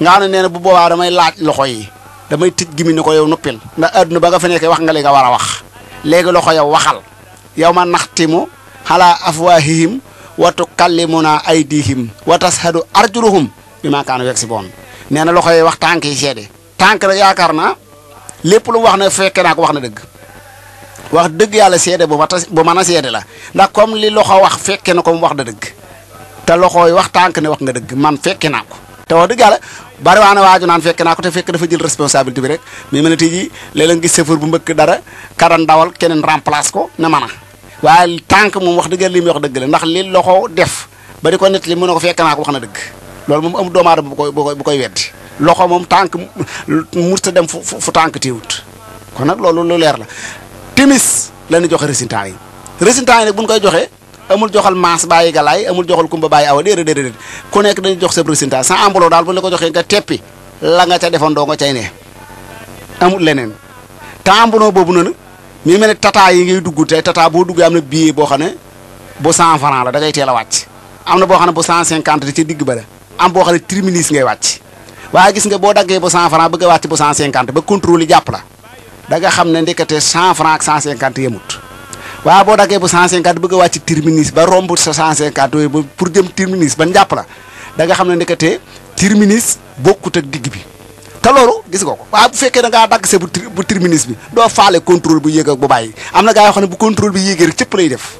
nga xam ne nee na bu boobaa damay laaj loxo yi. damay tij gi mi ko yow noppil ndax àdduna ba nga fa nekkee wax nga li nga war a wax léegi loxo yow waxal yow ma naxtimu xalaa afwaahihim wa tukallimuna aydihim wa tashadu arjuluhum bi maa kaanu yaksiboon nee na loxo yi wax tànk yi seede tànk la yaakaar na lépp lu wax na fekke naa ko wax na dëgg wax dëgg yàlla seede bu mata bu mën a seede la ndax comme li loxo wax fekke na ko mu wax na dëgg te loxooy wax tànk ne wax nga dëgg man fekke naa ko te wax dëgg yàlla bari waa na waaju naan fekk naa ko te fekk dafa jël responsabilité bi rek mais mën a tey jii léeg-léeg nga gis chauffeur bu mbëkk dara ka daan dawal keneen remplace ko ne mana a waaye tànk moom wax dëgg yàlla li muy wax dëgg la ndax li loxo def ba di ko nett li mën na ko fekk naa ko wax na dëgg loolu moom am doomu aadama bu koy bu koy weddi loxo moom tànk musta dem fu fu tànk téewut kon nag loolu lu leer la timis lañu joxe résultat yi résultat yi bu nu koy joxee amul joxal maas bàyyi galaay amul joxal kumba bàyyi awa déedéet déedéet ku nekk dañu jox sa résultat sans ambolo daal bu la ko joxee nga teppi la nga ca defoon doo nga cay ne amul leneen te ambolo boobu noonu mi mel ne tata yi ngay dugg te tata boo duggee am na billet boo xam ne bu cent franc la da ngay teel a wàcc am na boo xam ne bu cent cinquante ci digg ba la am boo xam ne terminus ngay wàcc waaye gis nga boo daggee bu cent franc bëgg a wàcc bu cent cinquante ba contrôle yi jàpp la da nga xam ne ndekete cent franc ak cent cinquante yemut waaw boo daggee bu 150 bëgg a wàcc terminus ba romb sa 150 yooyu ba pour jëm terminus ban jàpp la xam ne ndekete terminus bokkut ak digg bi te loolu gis nga ko waaw bu fekkee da ngaa dagg sa bu bu terminus bi doo faale contrôle bu yéeg ak bu bàyyi am na gaa ne bu contrôle bi yéegee rek cëpp lay def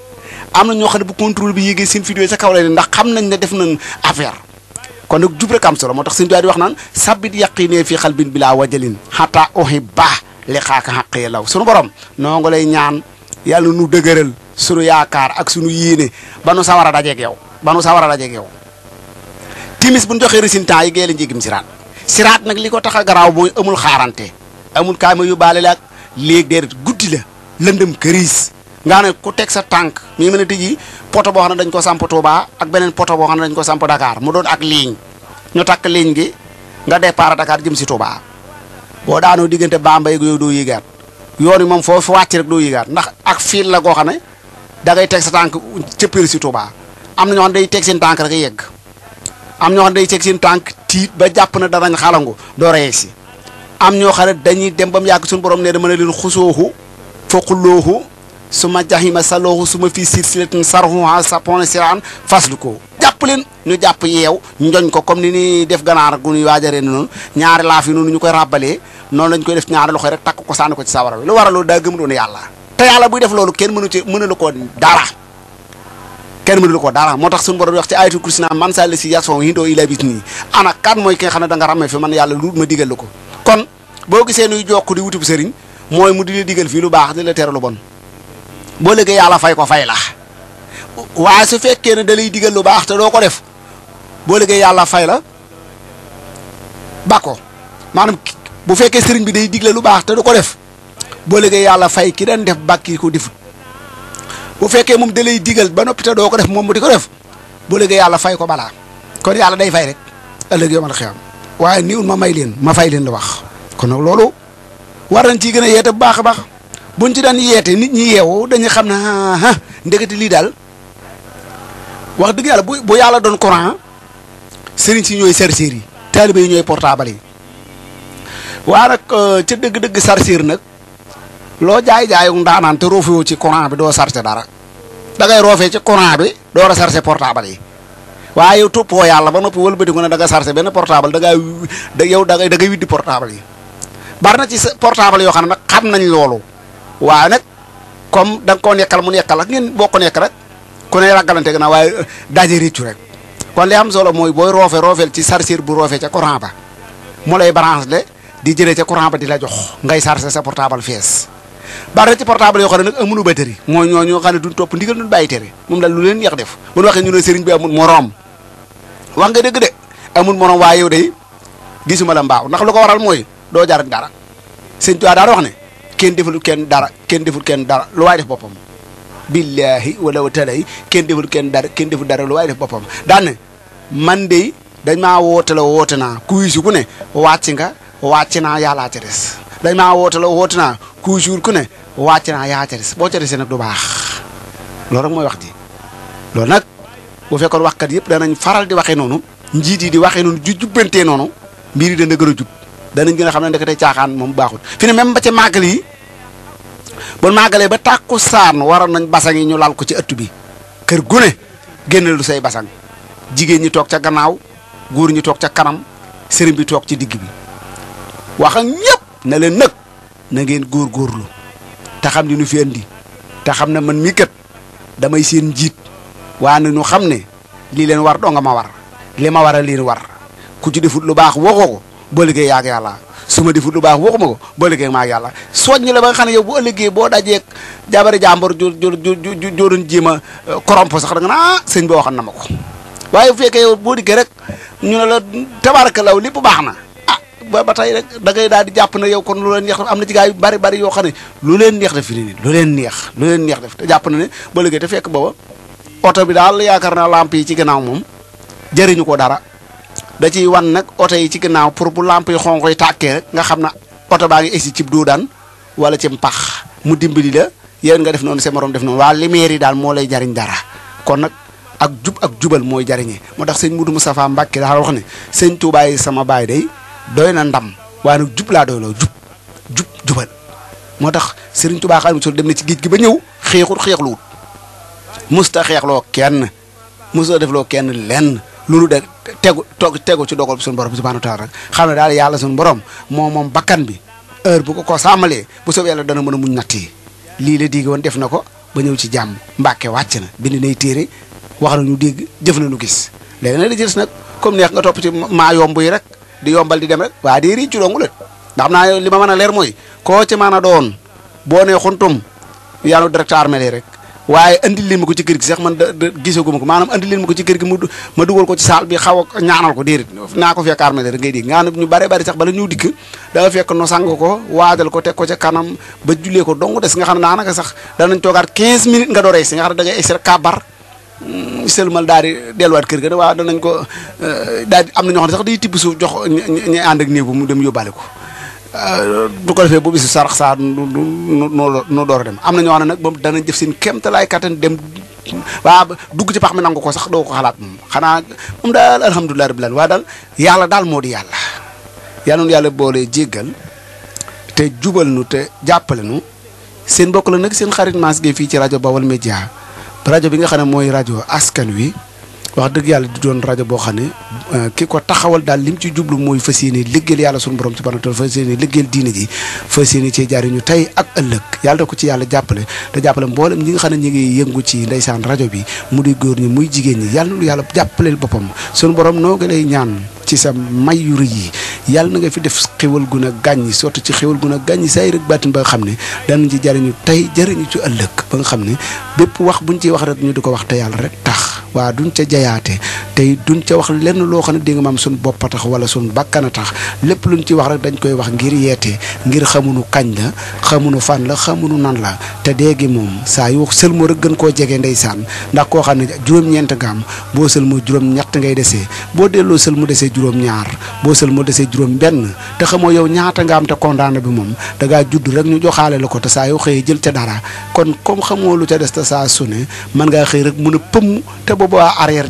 am na ñoo xam ne bu contrôle bi yéegee seen vidéo sa kaw lay ndax xam nañ ne def nañ affaire. kon nag jub rek am solo moo tax suñu doy di wax naan sabit yaqinee fii xalbin bilaa wajalin xataa ohi baa li xaaka xaqee law sunu borom noo lay ñaan. yàlla nu dëgëral sunu yaakaar ak sunu yéene ba nu sawar a dajeeg yow ba nu sawar a dajeeg yow timis bu ñu joxee résultat yi gee la njégim siraat siraat nag li ko tax a garaaw mooy amul xaarante amul kaay yu baale la ak léegi déedéet guddi la lëndëm këriis nga ne ku teg sa tànk mi mën ne tijji poto boo xam ne dañ ko samp Touba ak beneen poto boo xam ne dañ ko samp dakaar mu doon ak ligne ñu takk ligne gi nga départ Dakar jëm si Touba boo daanoo diggante Bambey ak yow yoon yi moom foo fi wàcc rek doo yëgaat ndax ak fiil la goo xam ne da teg sa tànk ca pér si Touba am na ñoo xam day teg seen tànk rek a yegg am ñoo xam day teg seen tànk tiit ba jàpp na danañ xalangu doo a yegg si am ñoo xam ne dañuy dem ba mu yàgg suñu borom da dama ne leen xusooxu foqulooxu su ma jaxima salooxu suma fii silsilatin sa sapona siraan faslu ko jàpp leen ñu jàpp yeew njoñ ko comme ni ni def ganaar gu ñuy waajaree ni noonu ñaari laaf yi noonu ñu koy ràbbalee noonu lañ koy def ñaari loxo rek takk ko sànni ko ci sawara war a loolu daa gëmuloon yàlla te yàlla buy def loolu kenn mënu ci mënalu ko dara kenn mënalu ko dara moo tax suñu borom wax ci ayatul kursi naa man sal si yasfon hindoo ila nii ana kan mooy ki nga da ko kon boo gisee nuy jokk di wutub sëriñ mooy mu di la digal fii lu baax di la teral lu bon boo léegi yàlla fay ko fay la waaye su fekkee ne da lay lu baax te doo ko def boo léegi yàlla fay la ba maanaam bu fekkee sëriñ bi day digle lu baax te du ko def boo yàlla fay ki daan def bàkki ko defut fekkee moom da lay digal ba noppi te doo ko def moom mu di ko def boo léegi yàlla fay ko balaa kon yàlla day fay rek ëllëg yomal xiyam waaye niwul ma may leen ma fay leen lu wax kon nag loolu war nañ ciy gën a yeete bu baax a baax. buñ ci daan yeete nit ñi yeewu dañuy xam ne ah, ah ndekete lii daal wax dëgg yàlla bu bu yàlla doon courant sëriñ si ñooy chargeur yi taalibe yi ñooy portable yi waa nag euh, ca dëgg-dëgg chargeur nag loo jaay-jaayu ndaanaan te roofewoo ci courant doo chargé dara da ngay roofee ci courant bi door a chargé portable yi waaye yow toppoo yàlla ba noppi wëlbatiku ne da nga chargé benn portable da ngaa yow da ngay da ngay widdi yi bari na ci portable yoo xam ne nag xam nañ loolu waaye nag comme dan nga koo nekkal mu nekkal ak ngeen boo ko nekk rek ku ne ragalante gannaaw waaye euh, daje réccu rek kon li am solo mooy booy roofe roofeel ci chargeur bu roofe ca courant ba mu lay branche le di jëlee ca courant ba di la jox ngay chargé sa portable fees bari na ci yoo xam ne nag amunu batterie mooy ñoo ñoo xam ne duñ topp ndigal duñ bàyyi tere moom daal lu leen def bu ñu waxee ñu ne sëriñ bi amul moroom wax nga dëgg de amul moroom waaye yow day gisuma la mbaaw ndax lu ko waral mooy doo jar dara sëñ Tuubaa daal wax ne kenn deful kenn dara kenn deful kenn dara lu waay def boppam. billaahi wala wa talaay kenn deful kenn dara kenn deful dara lu waay def boppam daan man de dañ maa woote woote naa kuy si ku ne wàcc nga wàcc naa yàllaa ca des dañ maa woote naa kuy suur ku ne wàcc naa yaa ca des boo ca desee nag du baax loolu rek mooy wax ji loolu nag bu fekkoon waxkat yëpp danañ faral di waxee noonu njiit yi di waxee noonu ju jubbantee noonu mbir yi dana gën a jub danañ gën a xam ne ndekete caaxaan moom baaxul bu màggalee ba tàkku saan waroon nañ basang yi ñu lal ko ci ëtt bi kër gune génne lu say basang jigéen ñi toog ca gannaaw góor ñi toog ca kanam sëriñ bi toog ci digg bi wax ak ñëpp na leen nag na ngeen góor góorlu te xam ni nu fi andi te xam ne man mii kat damay seen njiit waa na ñu xam ne lii leen war doo nga ma war li ma war a leen war ku ci defut lu baax waxoo ko boo liggéey yaag yàlla su ma defut lu baax waxuma ko boo liggéey maag yàlla soññ la ba nga xam ne yow bu ëllëgee boo dajee jabari jàmbur ju ju ju jooroon jéem euh, a corrompe sax da naa ah, sëñ bi waxoon na ma ko waaye bu fekkee yow boo dikkee rek ñu ne la tabaarkalla lépp baax na a ah, ba ba tey rek da ngay daal di jàpp ne yow kon lu leen neex am na ci gaa yu bari bari yoo xam ne lu leen neex def fi nii lu leen neex lu leen neex def te jàpp na ne boo liggéey te fekk booba oto bi daal yaakaar naa lamp yi ci gannaaw moom jëriñu ko dara da ciy wan nag oto yi ci ginnaaw pour bu làmp yi xonq yi tàkkee nga xam na oto baa ngi egsi cib duudaan wala cim pax mu dimbali la yéen nga def noonu sa morom def noonu waa lumière yi daal moo lay jariñ dara kon nag ak jub ak jubal mooy jariñe moo tax sëñ Mudu Mustafaa Mbàkke daal wax ne sëñ Tuubaa sama baay day doy na ndam waaye nag jub laa doy loo jub jubal moo tax sëriñ Tuubaa mu sol dem na ci géej gi ba ñëw xeexul xeexluwut musta xeexloo kenn musta defloo kenn lenn lu loolu de tegu toog tegu ci dogal bi suñu borom bi subhanahu wa taala rek xam ne daal yàlla suñu borom moo moom bakkan bi heure bu ko ko sàmmalee bu soobee yàlla dana mën a muñ natt yi lii la digi woon def na ko ba ñëw ci jàmm mbàkke wàcc na bind nay téere wax na ñu dégg jëf na nañu gis léegi nag li gis nag comme neex nga topp ci maa yomb yi rek di yombal di dem rek waa di riicu dongu la ndax xam naa li ma mën a leer mooy koo ci mën a doon boo nee xuntum yàlla directeur armée rek waaye andil leen ma ko ci kër gi sax man da gisaguma ko maanaam andil leen ma ko ci kër gi mu ma dugal ko ci saal bi xaw a ñaanal ko déedéet ko fekk armée rek ngay dégg nga ñu bare bari sax bala ñëw dikk daa ko waajal ko teg ko ca kanam ba jullee ko dong des nga xam ne daanaka sax danañ toogaat 15 minutes nga doree si nga xam ne da ngay essayé kabar mm, sëlmal daal di delluwaat kër ga da waaw danañ ko euh, daal am na ñoo xam sax day tibb suuf jox ñi ànd ak néew bu mu dem yóbbaale ko du ko defee bu bisu saa nu door dem am na ñoo xam ne nag moom danañ def seen kéemtalaay kattan dem waa dugg ci pax mi nangu ko sax doo ko xalaat moom xanaa moom daal alhamdulilah rabbil alamin waaye daal yàlla daal moo di yàlla yal na yàlla boole jéggal te jubal nu te jàppale nu seen bokk la nag seen xarit Mass fii ci rajo Baol Média rajo bi nga xam ne mooy rajo askan wi. wax dëgg yàlla di doon rajo boo xam ne euh, ki ko taxawal daal lim ci jublu mooy fas yéene liggéeyal yàlla suñu borom subhanahu wa taala fas yéene liggéeyal diine ji fas yéene cee jariñu tey ak ëllëg yàlla ko ci yàlla jàppale te jàppale mboolem ñi nga xam ne ñu ngi yëngu ci ndeysaan rajo bi mu di góor ñi muy jigéen ñi yàlla nu yàlla boppam suñu borom noo ngi lay ñaan ci sa may yu rëy yi yàlla na nga fi def xéwal gun a gàññi surtout ci xéwal gun a gàññi saa yi rek baatin xam ne danañ ci jariñu tey jariñu ci ëllëg ba nga xam ne bépp wax buñ ciy wax rek ñu di ko wax te yàlla rek tax waa duñ ca jay wayaate tey duñ ca wax lenn loo xam ne di nga maam suñ bopp a tax wala suñ bakkan a tax lépp lu luñ ci wax rek dañ koy wax ngir yeete ngir xamunu kañ la xamunu fan la xamunu nan la te déegi moom saa yu moo rek gën koo jege ndeysaan ndax koo xam ne juróom-ñeent nga am boo sëlmoo juróom-ñett ngay desee boo delloo mu desee juróom-ñaar boo sël mu desee juróom-benn te xamoo yow ñaata nga am te kondaana bi moom da ngaa judd rek ñu joxaale la ko te saa yoo xëyee jël ca dara kon comme des saa su ne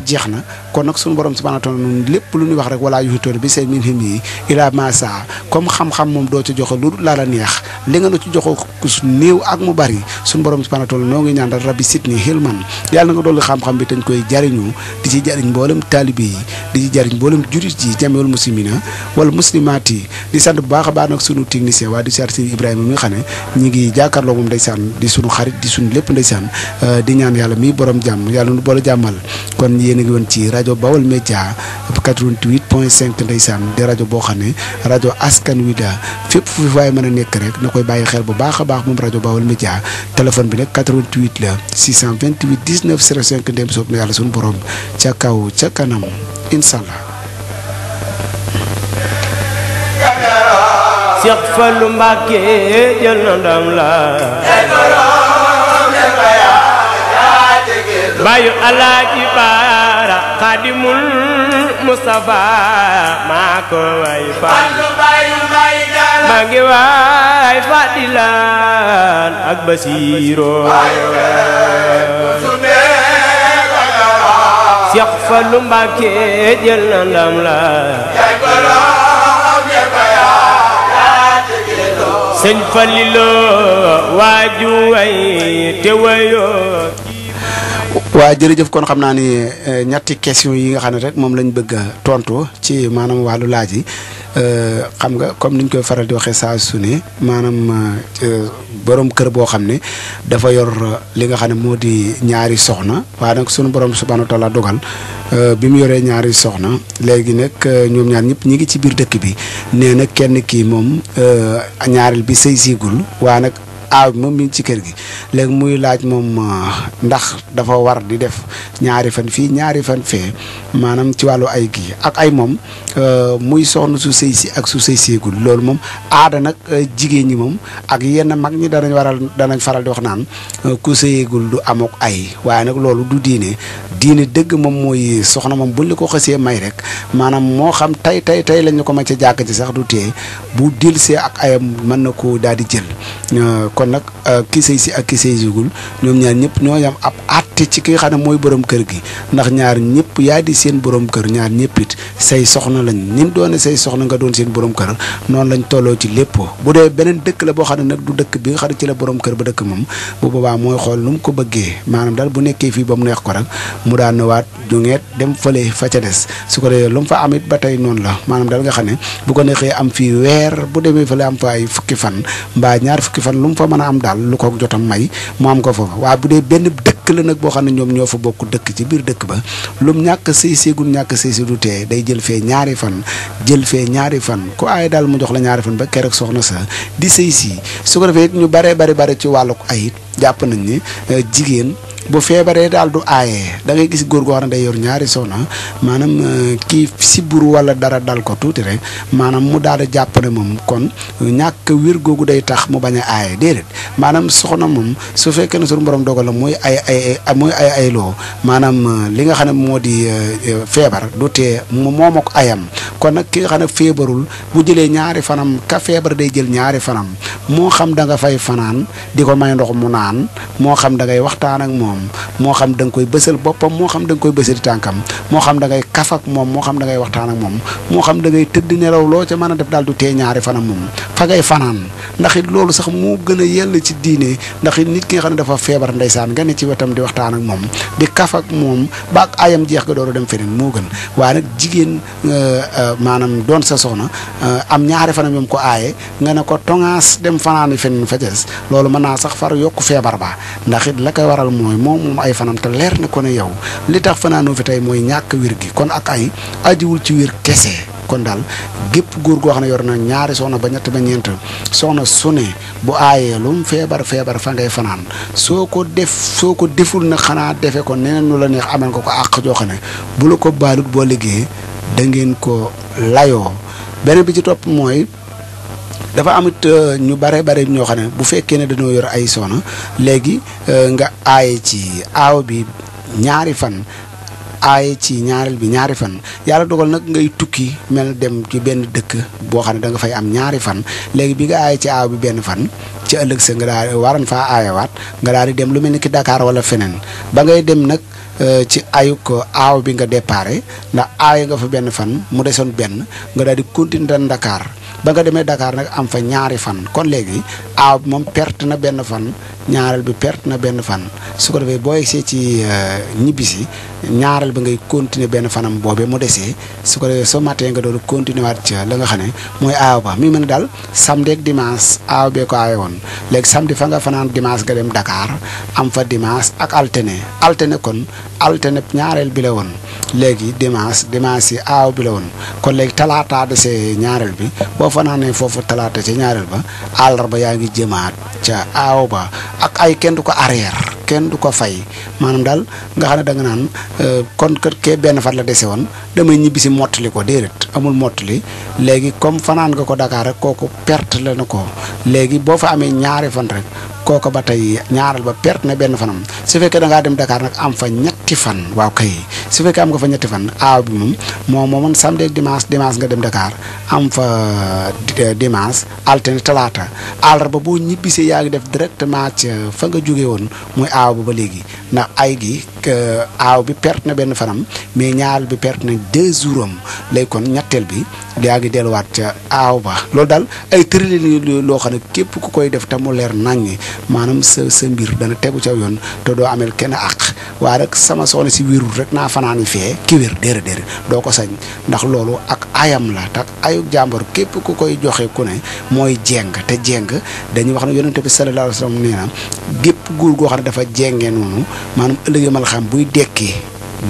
jeex na kon nag suñu borom si wa taala lépp lu ñuy wax rek walaa yuhituuna bi say min ilmihi illaa maa saa comme xam-xam moom doo ci joxe lu laa la neex li nga nu ci joxo kus néew ak mu bari suñu borom si wa noo ngi ñaan rabbi sitni hilman yàlla na nga dolli xam-xam bi dañ koy jariñu ci jariñ mboolem taalibe yi di ci jariñ mboolem jurit yi jameewul muslimina wala muslimaat yi di sant bu baax a baax nag sunu technicien waa di sant sëñ Ibrahima mi nga xam ne ñu ngi jàkkaarloo moom ndeysaan di sunu xarit di sunu lépp ndeysaan euh, di ñaan yàlla mi borom jàmm yàlla nu boole jàmmal kon yéen a ngi woon ci rajo Bawol Média 88 point 5 ndeysaan di rajo boo xam ne rajo askan wi da fépp fu waaye mën a nekk rek na koy bàyyi xel bu baax a baax moom rajo Bawol Média téléphone bi nag 88 la 628 19 05 ndéem soob na yàlla sunu borom ca kaw ca kanam incha allah. Cheikh Fallou Mbacké jël na ndam la. bayu alaaji baara xadimul mustafa maa ko way maa ngi way fadilaan ak basiiroo Seex Fallu Mbàkke jël na ndam la sëñ Faliloo waaju way te wayoo waaw jërëjëf kon xam naa ni eh, ñetti question yi nga xam ne rek moom lañ bëgg tontu ci maanaam wàllu laaj yi eh, xam nga comme niñ koy faral di waxee saa su ne maanaam eh, borom kër boo xam ne dafa yor li nga xam ne moo di ñaari soxna waa nag sunu borom subhaanahu wa taala dogal bi mu yoree ñaari soxna léegi nag ñoom ñaar ñëpp ñi ngi ci biir dëkk bi nee na kenn kii moom ñaareel bi sëy siigul waaye nag aaw bi moom mi ci kër gi léegi muy laaj moom ah, ndax dafa war di def ñaari fan fii ñaari fan fee maanaam ci wàllu ay kii ak ay moom euh, muy soxna su sëy si ak su sëy seegul loolu moom aada nag euh, jigéen ñi moom ak yenn mag ñi danañ waral danañ faral di wax naan euh, ku sëyeegul du amok ay waaye nag loolu du diine diine dëgg moom mooy soxna moom buñ la ko xësee may rek maanaam moo xam tey tey tey lañ la ko ma ca jàkk ci sax du tee bu dil ak ayam mën na ko daal di jël kon nag euh, ki sëy si ak ki sëy sigul ñoom ñaar ñëpp ñoo yam ab àtte ci ki nga xam ne mooy borom kër gi ndax ñaar ñëpp yaa di seen borom kër ñaar ñëpp it say soxna lañ nim doone say soxna nga doon seen borom kër noonu lañ tolloo ci lépp bu dee beneen dëkk la boo xam ne nag du dëkk bi nga xam ne ci la borom kër ba dëkk moom bu boobaa mooy xool nu mu ko bëggee maanaam daal bu nekkee fii ba mu neex ko rek mu daan waat jungeet dem fële fa ca des su ko dee lu mu fa amit ba tey noonu la maanaam daal nga xam ne bu ko neexee am fii weer bu demee fële am fa ay fukki fan fa fa a am daal lu ko jotam may mu am ko foofa waaye bu dee benn dëkk la nag boo xam ne ñoom ñoo fa bokk dëkk ci biir dëkk ba lum ñàkk sëy séegul ñàkk sëy si du tee day jël fee ñaari fan jël fee ñaari fan ku aay daal mu jox la ñaari fan ba keroog soxna sa di sëy si su ko defee it ñu baree bari bari ci wàllu ayit jàpp nañ ni euh, jigéen bu feebaree daal du aayee dangay gis góor goo xam ne day yor ñaari soxna maanaam euh, kii sibbiru wala dara dal ko tuuti rek maanaam mu daal di jàpp moom kon ñàkk wér googu day tax mu bañ a aaye maanaam soxna moom su fekkee ne suñu borom dogal la ay ay muy ay ay maanaam euh, li nga xam ne moo di euh, feebar du tee moom ak ayam kon nag ki nga xam ne feebarul bu jëlee ñaari fanam ka feebar day jël ñaari fanam moo xam da nga fay fanaan di ko may ndox mu naan moo xam da ngay waxtaan ak moom moom moo xam da nga koy bësal boppam moo xam da nga koy bësali tànkam moo xam dangay ngay moom moo xam da ngay waxtaan ak moom moo xam dangay ngay tëdd nelaw loo mën a def daal du tee ñaari fanam moom fa ngay fanaan ndax loolu sax moo gën a yell ci diine ndax nit ki nga xam ne dafa feebar ndeysaan nga ne ci wetam di waxtaan ak moom di kafak moom ba ayam jeex nga door dem feneen moo gën waaye nag jigéen euh, euh, maanaam doon sa soxna euh, am ñaari fana yom ko aaye nga ne ko tongaas dem fanaani feneen fa des loolu mën naa sax far yokk feebar ba ndax it la waral mooy moom moom ay fanam te leer na ko yow li tax fanaanoo fi tey mooy ñàkk wér gi kon ak ay ajiwul ci wér kese. kon daal gépp góor goo xam ne yor na ñaari soxna ba ñett ba ñeent soxna su ne bu aayee lum feebar feebar fa ngay fanaan soo ko def soo ko deful na xanaa defee ko neneen nu la neex amal ko ko àq joo xam ne bu la ko baalut boo liggéey da ko layoo beneen bi ci topp mooy. dafa amit euh, ñu bare bare ñoo xam ne bu fekkee ne dañoo yor ay soxna léegi euh, nga aaye ci aaw bi ñaari fan aaye ci ñaareel bi ñaari fan yàlla dogal nag ngay tukki mel dem ci benn dëkk boo xam ne danga fay am ñaari fan léegi bi nga aaye ci aaw bi benn fan ci ëllëg sa nga daal waran faa aayewaat nga daal di dem lu mel ni ki dakaar wala feneen ba ngay dem nag euh, ci ayuk aaw bi nga déparé ndax aaye nga fa benn fan mu desoon benn nga daal di continuer Dakar. ba nga demee dakaar nag am fa ñaari fan kon léegi a moom perte na benn fan ñaareel bi perte na benn fan su ko defee boo egsee ci euh, si ñaareel bi ngay continuer benn fanam boobee mu desee su ko defee soo mattee nga doon continuer waat ca la nga xam ne mooy aaw ba mi mën a daal samedi ak dimanche aaw bee ko aawe woon léegi samedi fa nga fanaan dimanche nga dem dakaar am fa dimanche ak alterné alterné kon alterné ñaareel bi la woon léegi dimanche dimanche yi aaw woon kon léegi talaataa ñaareel bi fanaanee foofu talaata ca ñaareel ba àllarba yaa ngi jëmaat ca aaw ba ak ay kenn du ko arrière kenn du ko fay maanaam daal nga xam ne danga nga naan euh, kon kër kee benn fan la dese woon damay ñibbi si mottali ko déedéet amul mottali léegi comme fanaan nga ko dakaar rek kooku perte la na ko léegi boo fa amee ñaari fan rek kooka ba tey ñaaral ba perte na benn fanam su fekkee da ngaa dem dakaar nag am fa ñetti fan waaw kay su fekkee am nga fa ñetti fan aaw bi moom moom moo man samedi ak dimanche dimanche nga dem Dakar am fa eh, dimanche altine talaata ba boo ñibbisee yaa ngi def directement ca fa nga jóge woon muy aaw ba ba léegi ndax ay gi. que aaw bi perte na benn fanam mais ñaareel bi perte na deux jours lay kon ñetteel bi yaa ngi delluwaat ca aaw ba loolu daal ay tëralin loo xam ne képp ku koy def te mu leer naññi maanaam sa sa mbir dana tegu ca yoon te doo amel kenn àq waaye sama soxna si wérul rek naa fanaani fee ki wér déere déere ko sañ ndax loolu ak ayam la tak ayu jàmbor képp ku koy joxe ku ne mooy jeng te jeng dañuy wax ne yonente bi sallallahu alayhi wa sallam gépp guur goo xam ne dafa jengee noonu maanaam ëllëgee mal xam buy dekkee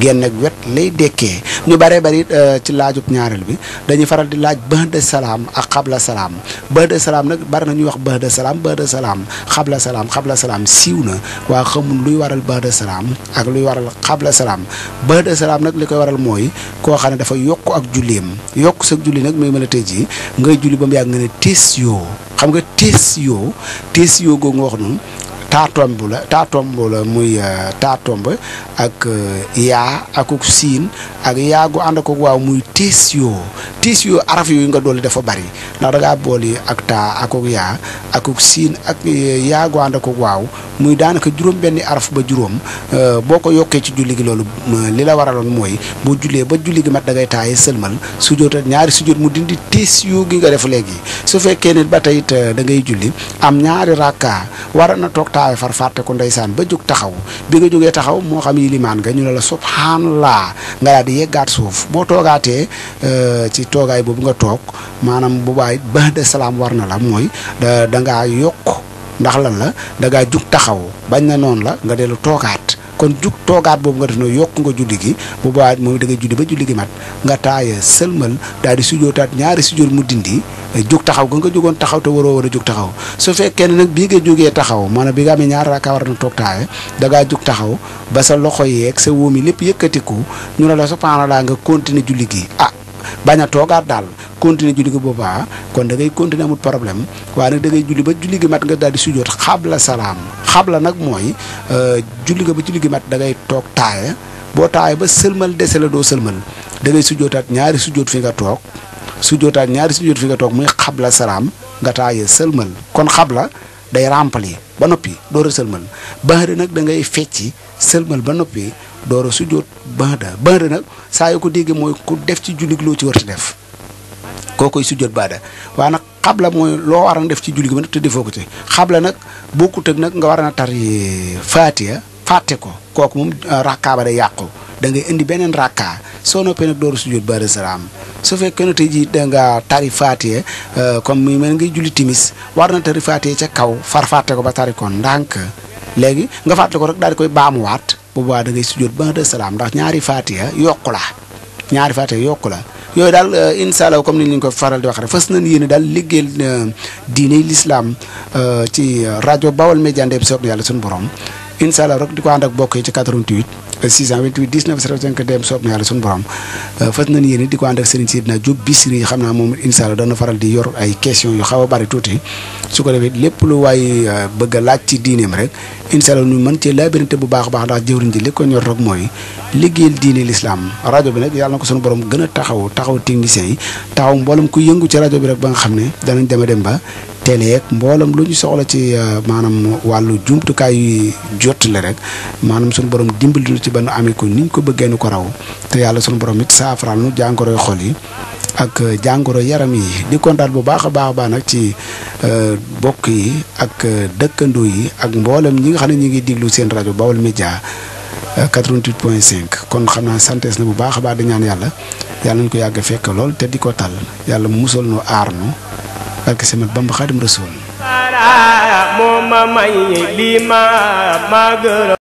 genn ak wet lay dekkee ñu bare bari euh, ci laajub ñaareel bi dañuy faral di laaj ba'da salaam ak xabla salaam ba'da salaam nag bari na ñuy wax ba'da salaam ba'da salaam xabla salaam xabla salaam siiw na waa xamul luy waral ba'da salaam ak luy waral xabla salaam ba'da salaam nag li koy waral mooy koo xam ne dafa yokk ak julleem yokk sa julli nag mooy mën a tëj ji ngay julli ba mu yàgg nga ne tis yoo xam nga tis yoo tis yoo googu nga wax noonu taatomb la taatomb la muy euh, taatomb ak euh, yaa akuk siin ak yaa gu ànd akuk waaw muy tiis yoo tiis yoo araf yooyu nga dolli dafa bari ndax da ngaa bool yi ak taa akuk yaa akuk siin ak euh, yaa gu ànd akuk waaw muy daanaka juróom benni araf ba juróom boo ko yokkee ci julli gi loolu li la waraloon mooy boo jullee ba julli gi mat da ngay taaye sëlmal sujjóot ak ñaari sujjóot mu dindi tiis yoo gi nga def léegi su fekkee nit ba tey it da ngay julli am ñaari ay far fàtte ndeysaan ba jóg taxaw bi nga jógee taxaw moo xam yi limaan nga ñu ne la subhanallah nga daal di yeggaat suuf boo toogaatee euh, ci toogaay boobu nga toog maanaam bu baay ba de salaam war na la mooy da dangaa yokk ndax lan la dangaa jug taxaw bañ na noonu la nga dellu toogaat kon jug toogaat boobu nga def noonu yokk nga julli gi bu boobaa moom dangay ngay julli ba julli gi mat nga taaya sëlmal daal di sujootaat ñaari sujoor mu dindi eh, jug taxaw ga nga jógoon taxaw te waroo war a jug taxaw su fekkee nag bii nga jógee taxaw maanaam bi nga amee ñaar rakaa war na toog taaya dangaa ngaa taxaw ba sa loxo yeeg sa wóom yi lépp yëkkatiku ñu ne la subhaanallaa nga continuer julli gi ah bañ a toogaat daal continuer julli gi boobaa kon dangay continuer amul problème waaye nag da ngay julli ba julli gi mat nga daal di sujjoot xabla salaam xabla nag mooy euh, julli nga ba julli gi mat da ngay toog taaya boo taayee ba sëlmal dese la doo sëlmal da ngay sujjootaat ñaari sujjoot fi nga toog sujjootaat ñaari sujjoot fi nga toog muy xabla salaam nga taayee sëlmal kon xabla day ràmpali ba noppi door a sëlmal baxda nag da ngay fecci sëlmal ba noppi door a ba baxda baxda nag saa yu ko déggee mooy ku def ci jullig loo ci war a def kokoy sujjot bada wa nak khabla moy lo waran def ci julli gi te defoko te khabla nak buku tek nak nga warana tari fatia fatte ko koku mum ah, rakka ba day yaqku da ngay indi benen rakka so no nak dooru sujjot baada salam fe ken te ji da nga tari fatia ah, comme mi men ngay julli timis warna tari fatia ca kaw far fatte ko ba tari ko ndank legi nga fatte ko rek dal koy baamu wat bu ba da ngay sujjot baada salam ndax ñaari fatia yokula ñaari faate yokku la yooyu daal euh, incha allah comme ni ñu ko faral di wax rek na nañ yéene daal liggéeyal euh, diine lislaam euh, ci rajo Bawol Média Ndeye bi yàlla suñu borom incha allah rek di ko ànd ak bokk yi ci 88 628 19 05 dem soob na yàlla suñu borom euh, fas nañu yéen di ko ànd ak Serigne Sidina Diop Bichri xam naa moom incha allah dana faral di yor ay question yu xaw a bari tuuti su ko defee lépp lu waay euh, bëgg a laaj ci diineem rek incha allah ñu mën cee laabirante bu baax a baax ndax jëwriñ ji li ko ñor rek mooy liggéeyal diine l'islam rajo bi nag yàlla na ko suñu borom gën a taxaw taxaw techniciens yi taxaw mboolem ku yëngu ci rajo bi rek ba nga xam ne danañ deme dem ba télé yeeg mbolam luñu soxla ci euh, walu jumtu jumtukaay yu jot la rek manam sunu borom dimbali lu ci ba nu ko niñ ko bëggé ñu ko raw te yalla sun borom it saafaraal nu jangoro xol yi ak euh, jangoro yaram yi di kontal bu baaxa baax ba nak ci euh bokk yi ak euh, dekkandu yi ak mbolam ñi nga ñi ngi diglu seen rajo bawol media 88.5 kon xam naa na bu baaxa a baax di ñaan yalla yalla ñu ko yagg fekk lool te di tal yalla musul nu arnu barke Seex Ahmadu Bamba Xaadimu Rasuul moo ma may lii ma ma gërëm